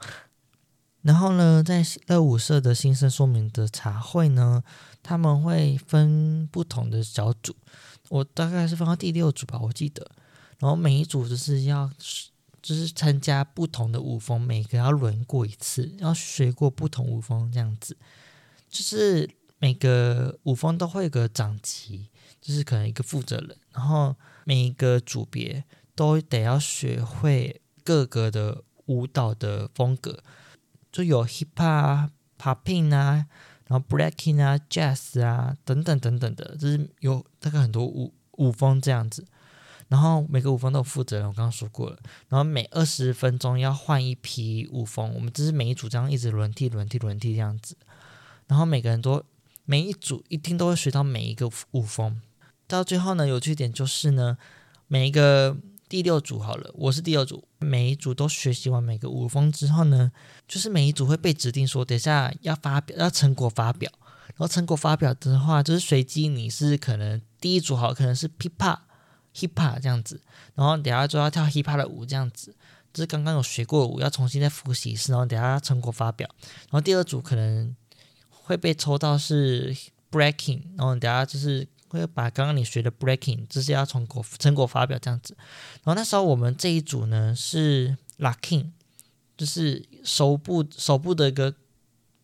然後呢，在熱舞社的新生說明的茶會呢，他們會分不同的小組，我大概是分到第六組吧，我記得。然後每一組就是要就是參加不同的舞風，每個要輪過一次，要學過不同舞風這樣子。就是每個舞風都會有個長級，就是可能一個負責人，然後。每一個組別都得要學會各個的舞蹈的風格，就有 hip hop 啊、popping 啊、然後 breaking 啊、jazz 啊等等等等的，就是有大概很多舞舞風這樣子。然後每個舞風都有負責人，我剛剛說過了。然後每二十分鐘要換一批舞風，我們就是每一組這樣一直輪替、輪替、輪替這樣子。然後每個人都每一組一定都會學到每一個舞風。到最後呢，有趣點就是呢，每一個第六組好了，我是第六組，每一組都學習完每個舞風之後呢，就是每一組會被指定說，等下要發表要成果發表，然後成果發表的話就是隨機，你是可能第一組好可能是 hip hop hip hop 這樣子，然後等下就要跳 hip hop 的舞這樣子，就是剛剛有學過的舞要重新再複習一次，然後等下成果發表，然後第二組可能會被抽到是 breaking，然後等下就是。會把剛剛你學的 breaking，就是要從國成果發表這樣子，然後那時候我們這一組呢是 locking 就是手部手部的一個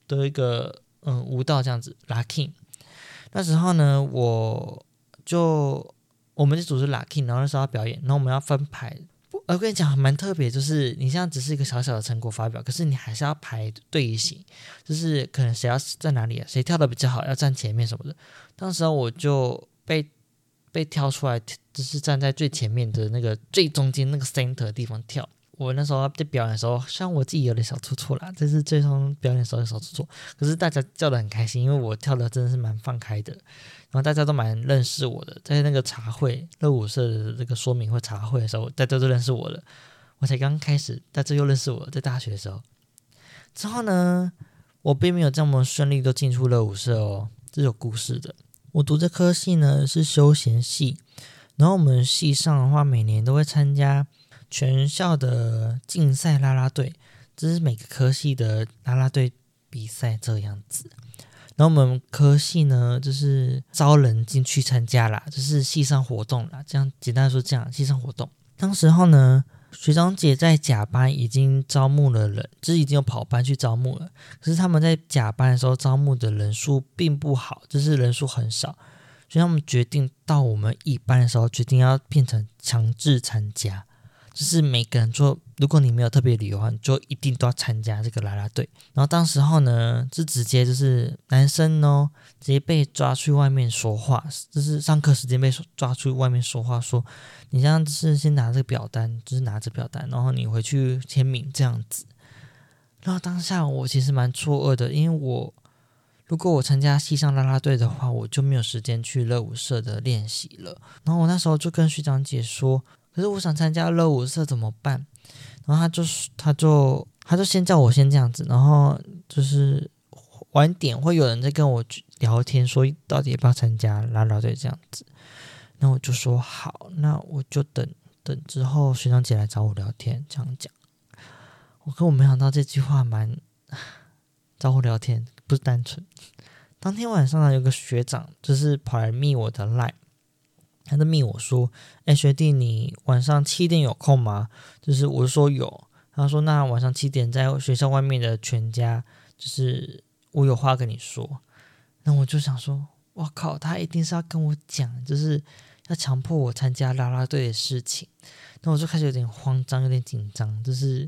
的一個嗯舞蹈這樣子 locking 那時候呢，我就我們這組是 locking 然後那時候要表演，然後我們要分排。啊、我跟你講，還蠻特別，就是你現在只是一個小小的成果發表，可是你還是要排隊形，就是可能誰要在哪裡啊，誰跳的比較好要站前面什麼的。當時我就被被挑出來，就是站在最前面的那個最中間那個 center 的地方跳。我那時候在表演的時候，雖然我自己有點小出錯啦，這是最終表演的時候的小出錯，可是大家叫得很開心，因為我跳得真的是蠻放開的。然後大家都蠻認識我的，在那個茶會、熱舞社的這個說明會茶會的時候，大家都認識我的。我才剛開始，大家又認識我的，在大學的時候。之後呢，我並沒有這麼順利都進出熱舞社哦，這是有故事的。我讀這科系呢是休閒系，然後我們系上的話，每年都會參加。全校的競賽啦啦隊，這、就是每個科系的啦啦隊比賽這樣子。然後我們科系呢，就是招人進去參加啦，就是系上活動啦。這樣簡單說，這樣系上活動。當時候呢，學長姐在甲班已經招募了人，就是已經有跑班去招募了。可是他們在甲班的時候招募的人數並不好，就是人數很少，所以他們決定到我們乙班的時候，決定要變成強制參加。就是每個人做，如果你沒有特別理由的話，你就一定都要參加這個啦啦隊。然後當時候呢，是直接就是男生呢，直接被抓去外面說話，就是上課時間被抓去外面說話說，你這樣是先拿這個表單，就是拿着表單，然後你回去簽名這樣子。然後當下我其實蠻錯愕的，因為我如果我參加系上啦啦隊的話，我就沒有時間去熱舞社的練習了。然後我那時候就跟學長姐說。可是我想參加熱舞社怎麼辦？然後他就他就他就先叫我先這樣子，然後就是晚點會有人在跟我聊天，說到底要不要參加，然後就這樣子。那我就說好，那我就等等之後學長姐來找我聊天，這樣講。我跟我沒想到這句話蠻找我聊天，不是單純。當天晚上呢，有個學長就是跑來密我的賴。他都密我說：“哎、欸，學弟，你晚上七點有空嗎？”就是我就說有，他說：“那晚上七點在學校外面的全家，就是我有話跟你說。”那我就想說：“我靠，他一定是要跟我講，就是要強迫我參加啦啦隊的事情。”那我就開始有點慌張，有點緊張，就是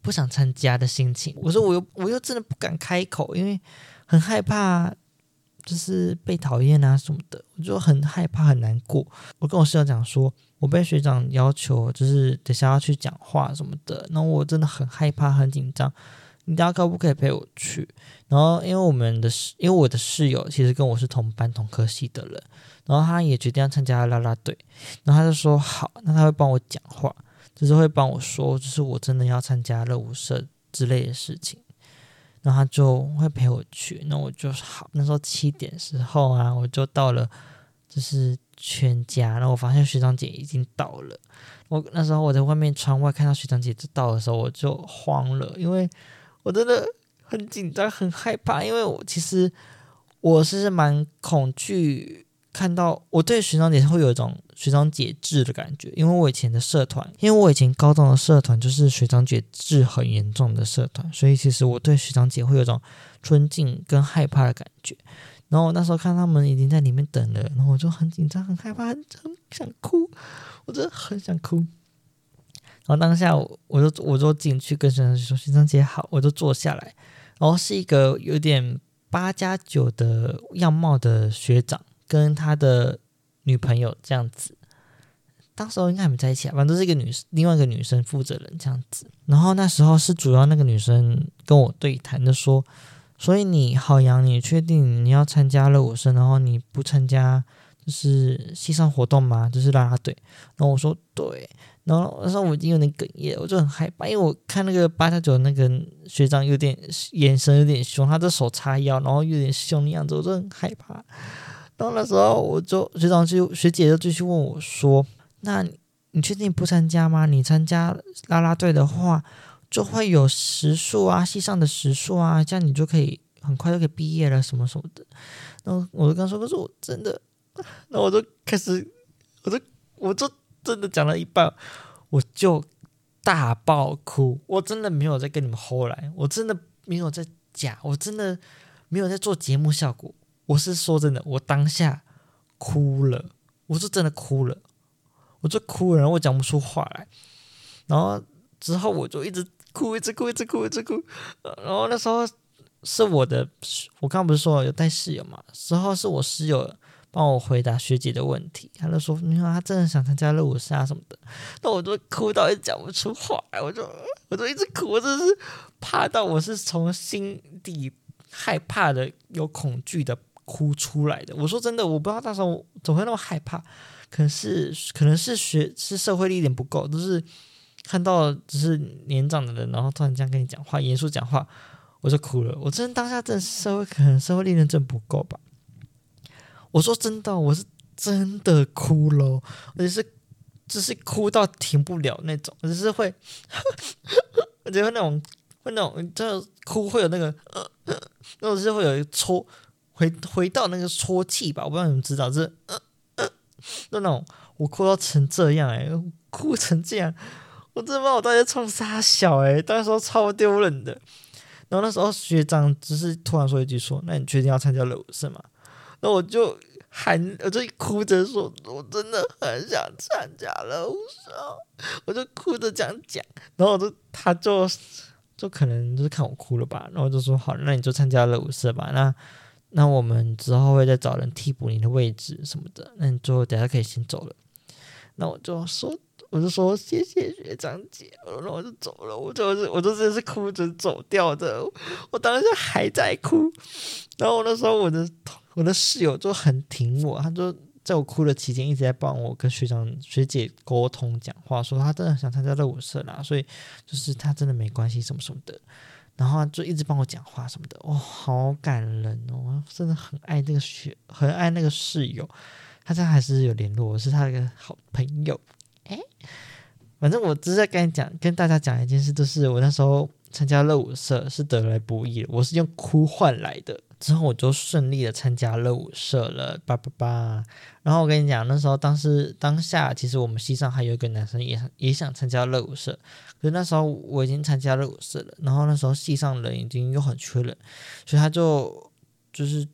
不想參加的心情。我說：“我又，我又真的不敢開口，因為很害怕。”就是被討厭啊什麼的，我就很害怕很難過。我跟我室友講說，我被學長要求就是等下要去講話什麼的，那我真的很害怕很緊張。你大可不可以陪我去？然後因為我們的室，因為我的室友其實跟我是同班同科系的人，然後他也決定要參加啦啦隊，然後他就說好，那他會幫我講話，就是會幫我說，就是我真的要參加熱舞社之類的事情。然後他就會陪我去，那我就好。那時候七點時候啊，我就到了，就是全家。然後我發現學長姐已經到了，我那時候我在外面窗外看到學長姐就到的時候，我就慌了，因為我真的很緊張、很害怕，因為我其實我是蠻恐懼，看到我對學長姐會有一種學長姐制的感覺，因為我以前的社團，因為我以前高中的社團就是學長姐制很嚴重的社團，所以其實我對學長姐會有一種尊敬跟害怕的感覺。然後我那時候看他們已經在裡面等了，然後我就很緊張、很害怕、很想哭，我真的很想哭。然後當下我就我就進去跟學長姐說：“學長姐好。”我就坐下來，然後是一個有點八加九的樣貌的學長。跟他的女朋友這樣子，當時候應該還沒在一起啊，反正是一個女，另外一個女生負責人這樣子。然後那時候是主要那個女生跟我對談的，就說：“所以你好，楊，你確定你要參加熱舞社，然後你不參加就是系上活動嗎？就是拉拉隊？”然後我說：“對。”然後那時候我已經有點哽咽，我就很害怕，因為我看那個八加九那個學長有點眼神有點凶，他的手叉腰，然後有點凶的樣子，我就很害怕。到那時候，我就學長就學姐就繼續問我說：“那你，你確定不參加嗎？你參加啦啦隊的話，就會有時數啊，系上的時數啊，這樣你就可以很快就可以畢業了什麼什麼的。”然後我就跟他說，可是我真的，那我就開始，我就我就真的講了一半，我就大爆哭。我真的沒有在跟你們唬爛，我真的沒有在講，我真的沒有在做節目效果。我是說真的，我當下哭了，我是真的哭了，我就哭了，然後我講不出話來，然後之後我就一直哭，一直哭，一直哭，一直哭，然後那時候是我的，我剛剛不是說了有帶室友嘛，之後是我室友幫我回答學姐的問題，他就說，你說他真的想參加熱舞社啊什麼的，那我就哭到一直講不出話來，我就我就一直哭，我真的是怕到我是從心底害怕的，有恐懼的。哭出來的。我說真的，我不知道到時候怎麼會那麼害怕，可是可能是學是社會歷練不夠，就是看到只、就是年長的人，然後突然這樣跟你講話，嚴肅講話，我就哭了。我真的當下這社會可能社會歷練真不夠吧。我說真的，我是真的哭了，我就是就是哭到停不了那種，我就是會， 我覺得那種會那種真的哭會有那個、呃呃、那種就是會有一抽。回回到那個啜泣吧，我不知道你麼知道，是、呃呃、那種我哭到成這樣哎、欸，哭成這樣，我真的把我大家稱傻小哎、欸，當時候超丟人的。然後那時候學長只是突然說一句說，那你確定要參加熱舞社嗎？那我就喊，我就哭着說，我真的很想參加熱舞社，我就哭着這樣講。然後我就他就就可能就是看我哭了吧，然後就說好，那你就參加熱舞社吧。那那我們之後會再找人替補你的位置什麼的，那你最後等下可以先走了。那我就說，我就說謝謝學長姐，然後我就走了，我就是，我就真的是哭着走掉的。我當時還在哭，然後我那時候我的我的室友就很挺我，他就在我哭的期間一直在幫我跟學長學姐溝通講話，說他真的想參加熱舞社啦，所以就是他真的沒關係什麼什麼的。然後就一直幫我講話什麼的，哦，好感人哦！真的很愛那個學，很愛那個室友。他現在還是有聯絡，我是他的一個好朋友。哎，反正我只是在跟你講，跟大家講一件事，就是我那時候參加熱舞社是得來不易的，我是用哭換來的。之後我就順利的參加熱舞社了，叭叭叭。然後我跟你講，那時候當時當下，其實我們系上還有一個男生也也想參加熱舞社，可是那時候我已經參加熱舞社了。然後那時候系上的人已經又很缺人，所以他就就是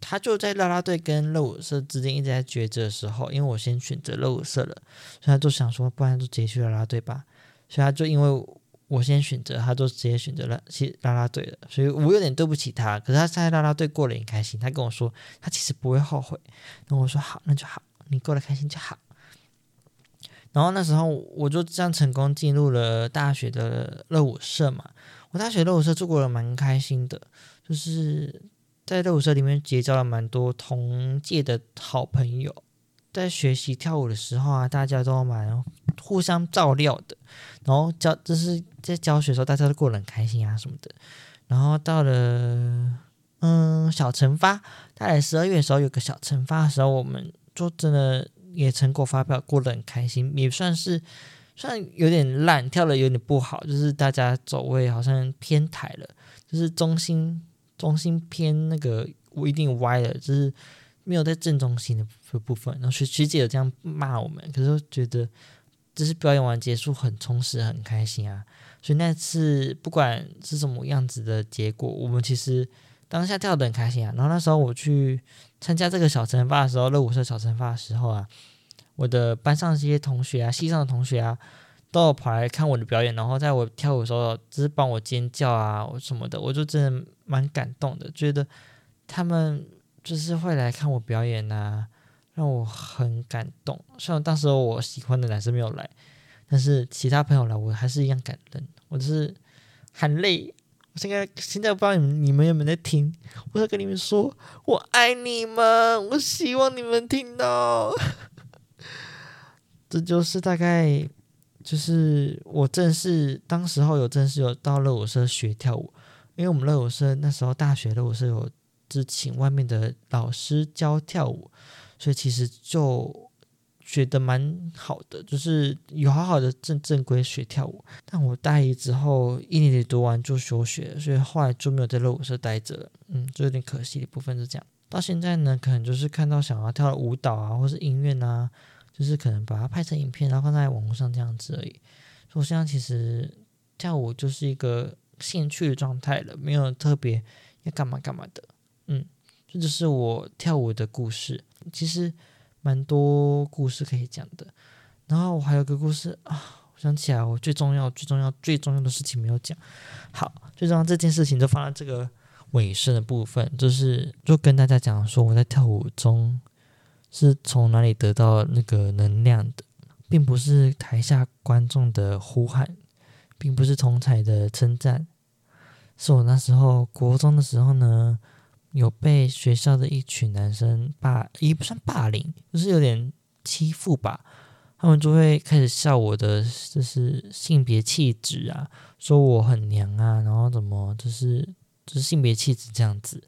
他就在拉拉隊跟熱舞社之間一直在抉擇的時候，因為我先選擇熱舞社了，所以他就想說，不然就直接去拉拉隊吧。所以他就因為。我先選擇，他就直接選擇了去啦啦隊了，所以我有點對不起他。可是他在啦啦隊過了也很開心，他跟我說他其實不會後悔。那我說好，那就好，你過得開心就好。然後那時候我就這樣成功進入了大學的熱舞社嘛。我大學熱舞社做過了蠻開心的，就是在熱舞社裡面結交了蠻多同屆的好朋友。在學習跳舞的時候啊，大家都蠻互相照料的，然後教這、就是在教學的時候，大家都過得很開心啊什麼的。然後到了嗯小成發，大概十二月的時候有個小成發的時候，我們就真的也成果發表，過得很開心，也算是算有點爛，跳得有點不好，就是大家走位好像偏台了，就是中心中心偏那個不一定歪了，就是。沒有在正中心的部分，然後學姐有這樣罵我們，可是我覺得這是表演完結束很充實很開心啊。所以那次不管是什麼樣子的結果，我們其實當下跳得很開心啊。然後那時候我去參加這個小成發的時候，熱舞社小成發的時候啊，我的班上這些同學啊，系上的同學啊，都有跑來看我的表演，然後在我跳舞的時候，就是幫我尖叫啊我什麼的，我就真的蠻感動的，覺得他們。就是會來看我表演吶、啊，讓我很感動。雖然當時候我喜歡的男生沒有來，但是其他朋友來，我還是一樣感動。我就是喊累，我現在現在不知道你們你們有沒有在聽？我要跟你們說，我愛你們！我希望你們聽到。 這就是大概，就是我正式當時候有正式有到樂舞社學跳舞，因為我們樂舞社那時候大學樂舞社有。是請外面的老師教跳舞，所以其實就學得蠻好的，就是有好好的正正規學跳舞。但我大一之後一年裡讀完就休學，所以後來就沒有在熱舞社待着了。嗯，就有點可惜的部分是這樣。到現在呢，可能就是看到想要跳的舞蹈啊，或是音樂啊，就是可能把它拍成影片，然後放在網絡上這樣子而已。所以我現在其實跳舞就是一個興趣的狀態了，沒有特別要幹嘛幹嘛的。嗯，這就是我跳舞的故事。其實蠻多故事可以講的。然後我還有個故事啊，我想起來，我最重要、最重要、最重要的事情沒有講。好，最重要這件事情就放在這個尾聲的部分，就是就跟大家講說，我在跳舞中是從哪裡得到那個能量的，並不是台下觀眾的呼喊，並不是同儕的稱讚，是我那時候國中的時候呢。有被學校的一群男生霸，也不算霸凌，就是有點欺負吧。他們就會開始笑我的，就是性別氣質啊，說我很娘啊，然後怎麼就是就是性別氣質這樣子。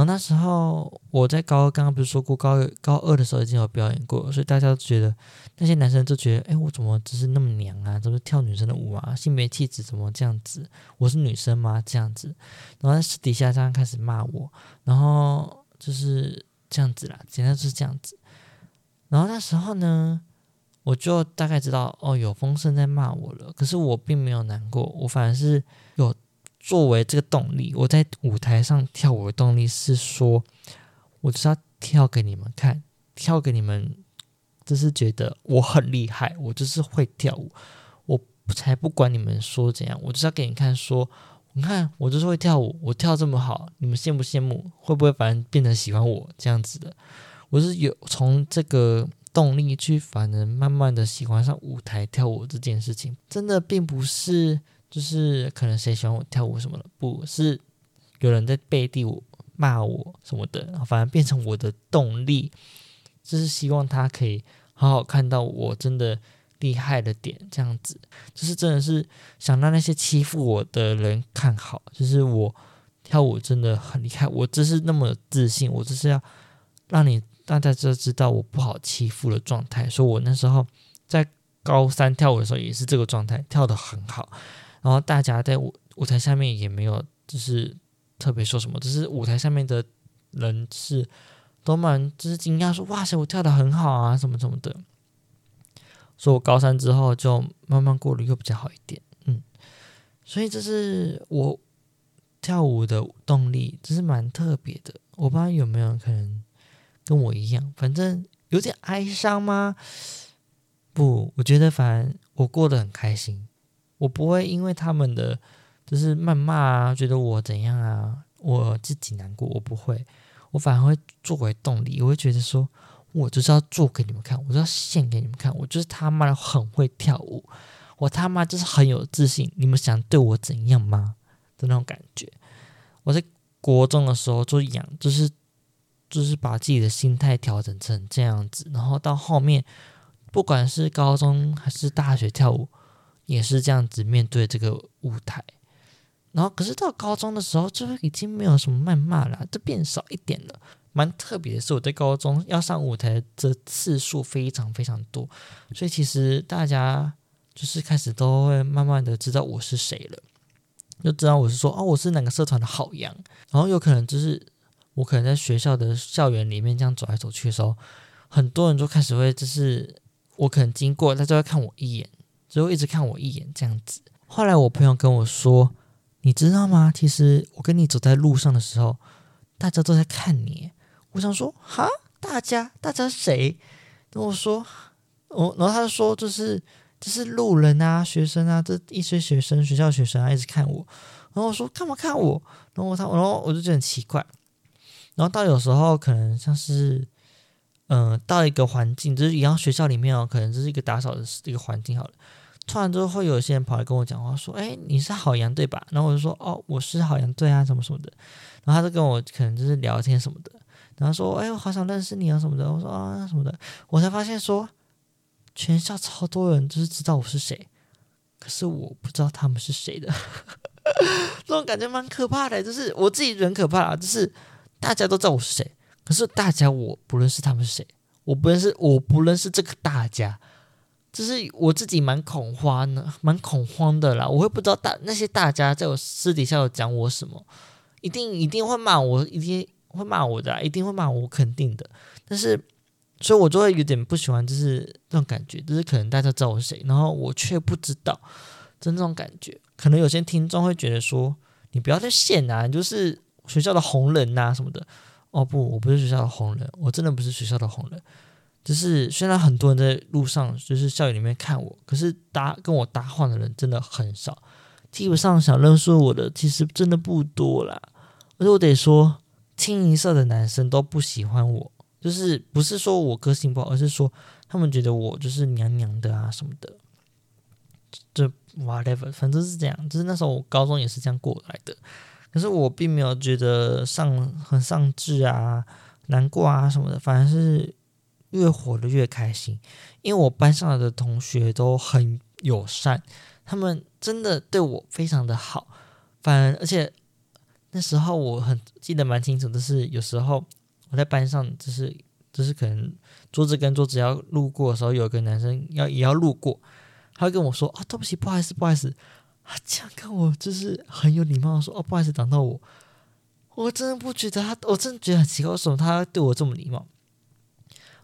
然後那時候我在高，剛剛不是說過高高二的時候已經有表演過，所以大家都覺得那些男生就覺得，哎，我怎麼只是那麼娘啊？怎麼跳女生的舞啊？性別氣質怎麼這樣子？我是女生嗎？這樣子，然後私底下這樣開始罵我，然後就是這樣子啦，簡單就是這樣子。然後那時候呢，我就大概知道哦，有風聲在罵我了。可是我並沒有難過，我反而是有。作為這個動力，我在舞台上跳舞的動力是說，我就是要跳給你們看，跳給你們，就是覺得我很厲害，我就是會跳舞，我才不管你們說怎樣，我就是要給你看說，說你看我就是會跳舞，我跳這麼好，你們羨不羨慕？會不會反而變成喜歡我這樣子的？我是有從這個動力去，反而慢慢的喜歡上舞台跳舞這件事情，真的並不是。就是可能誰喜歡我跳舞什麼的，不是有人在背地我罵我什麼的，反而變成我的動力。就是希望他可以好好看到我真的厲害的點，這樣子，就是真的是想讓那些欺負我的人看好，就是我跳舞真的很厲害，我這是那麼自信，我就是要讓你大家都知道我不好欺負的狀態。所以我那時候在高三跳舞的時候也是這個狀態，跳得很好。然後大家在舞舞台下面也沒有，就是特別說什麼，只、就是舞台上面的人是都蠻，就是驚訝說：“哇塞，我跳得很好啊，什麼什麼的。”所以我高三之後就慢慢過了，又比較好一點。嗯，所以這是我跳舞的動力，這是蠻特別的。我不知道有沒有可能跟我一樣，反正有點哀傷嗎？不，我覺得反正我過得很開心。我不會因為他們的就是謾罵啊，覺得我怎樣啊，我自己難過，我不會，我反而會作為動力，我會覺得說，我就是要做給你們看，我就要獻給你們看，我就是他媽的很會跳舞，我他媽就是很有自信，你們想對我怎樣嗎？的那種感覺。我在國中的時候就養，就是就是把自己的心態調整成這樣子，然後到後面，不管是高中還是大學跳舞。也是這樣子面對這個舞台，然後可是到高中的時候，就已經沒有什麼謾罵了，就變少一點了。蠻特別的是，我在高中要上舞台這次數非常非常多，所以其實大家就是開始都會慢慢的知道我是誰了，就知道我是說哦、啊，我是哪個社團的好樣。然後有可能就是我可能在學校的校園裡面這樣走來走去的時候，很多人就開始會就是我可能經過，他就會看我一眼。只有一直看我一眼這樣子。後來我朋友跟我說：“你知道嗎？其實我跟你走在路上的時候，大家都在看你。”我想說：“哈，大家，大家誰？”跟我說：“我、哦。”然後他就說：“就是，就是路人啊，學生啊，這一些學生，學校學生啊，一直看我。”然後我說：“看不看我？”然後他，然後我就覺得很奇怪。然後到有時候可能像是，嗯、呃，到一個環境，就是一樣學校裡面哦、喔，可能就是一個打掃的一個環境好了。突然之後，有些人跑來跟我講話，說：“哎、欸，你是好羊，對吧？”然後我就說：“哦，我是好羊，對啊，什麼什麼的。”然後他就跟我可能就是聊天什麼的，然後說：“哎、欸，我好想認識你啊，什麼的。”我說：“啊，什麼的。”我才發現說，全校超多人就是知道我是誰，可是我不知道他們是誰的。 這種感覺蠻可怕的，就是我自己人可怕的，就是大家都知道我是誰，可是大家我不認識他們是誰，我不認識我不認識這個大家。就是我自己蠻恐慌的，蠻恐慌的啦。我會不知道大那些大家在我私底下有講我什麼，一定一定會罵我，一定會罵我的啦，一定會罵我，肯定的。但是，所以我就會有點不喜歡，就是那種感覺，就是可能大家知道我是誰，然後我卻不知道，就那種感覺。可能有些聽眾會覺得說，你不要再炫啦，你就是學校的紅人吶、啊、什麼的。哦不，我不是學校的紅人，我真的不是學校的紅人。就是雖然很多人在路上，就是校園裡面看我，可是搭跟我搭話的人真的很少，基本上想認識我的其實真的不多啦。而且我得說，清一色的男生都不喜歡我，就是不是說我個性不好，而是說他們覺得我就是娘娘的啊什麼的。就 whatever，反正是這樣。就是那時候我高中也是這樣過來的，可是我並沒有覺得上很喪志啊、難過啊什麼的，反正是。越活的越開心，因為我班上的同學都很友善，他們真的對我非常的好。反而，而且那時候我很記得蠻清楚的是，就是有時候我在班上，就是就是可能桌子跟桌子要路過的時候，有一個男生要也要路過，他會跟我說啊、哦，對不起，不好意思，不好意思，他這樣跟我就是很有禮貌地說，哦，不好意思擋到我。我真的不覺得他，我真的覺得很奇怪，為什麼他對我這麼禮貌？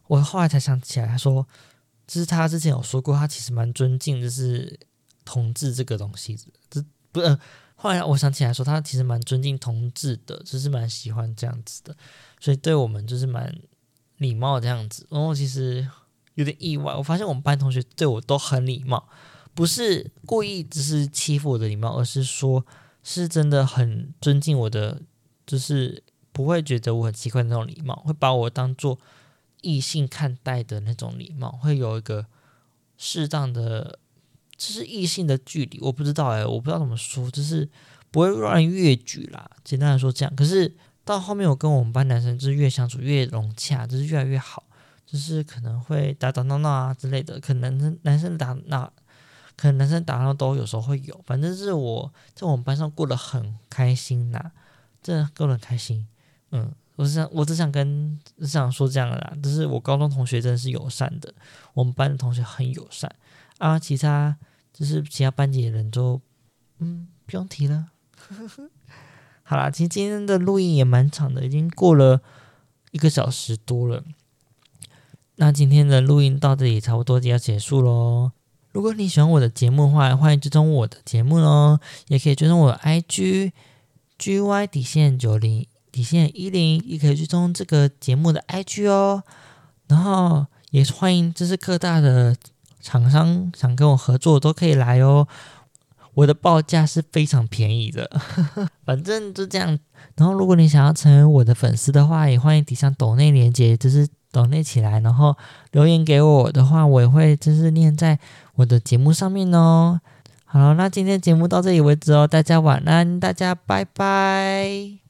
我後來才想起來，來，他說，就是他之前有說過，他其實蠻尊敬就是同志這個東西，這不是，呃，後來我想起來，來說，說他其實蠻尊敬同志的，就是蠻喜歡這樣子的，所以對我們就是蠻禮貌的這樣子。然後，哦，其實有點意外，我發現我們班同學對我都很禮貌，不是故意只是欺負我的禮貌，而是說是真的很尊敬我的，就是不會覺得我很奇怪那種禮貌，會把我當做異性看待的那種禮貌，會有一個適當的，這是異性的距離，我不知道誒、欸，我不知道怎麼說，就是不會讓人越距啦。簡單來說，這樣。可是到後面，我跟我們班男生就是越相處越融洽，就是越來越好。就是可能會打打鬧鬧啊之類的，可能男生男生打鬧，可能男生打鬧都有時候會有。反正是我在我們班上過得很開心啦，真的過得很開心，嗯。我是想，我只想跟只想說這樣的啦，就是我高中同學真的是友善的，我們班的同學很友善啊，其他就是其他班級的人就，嗯，不用提了。 好啦，其實今天的錄音也蠻長的，已經過了一個小時多了。那今天的錄音到這裡差不多就要結束嘍。如果你喜歡我的節目的話，歡迎追蹤我的節目嘍，也可以追蹤我的 IG GY 底線九零。底線一零也可以去追蹤這個節目的 IG 哦，然後也是歡迎，就是各大的廠商想跟我合作都可以來哦，我的報價是非常便宜的， 反正就這樣。然後如果你想要成為我的粉絲的話，也歡迎底下抖內連結，就是抖內起來，然後留言給我的話，我也會就是念在我的節目上面哦。好，那今天節目到這裡為止哦，大家晚安，大家拜拜。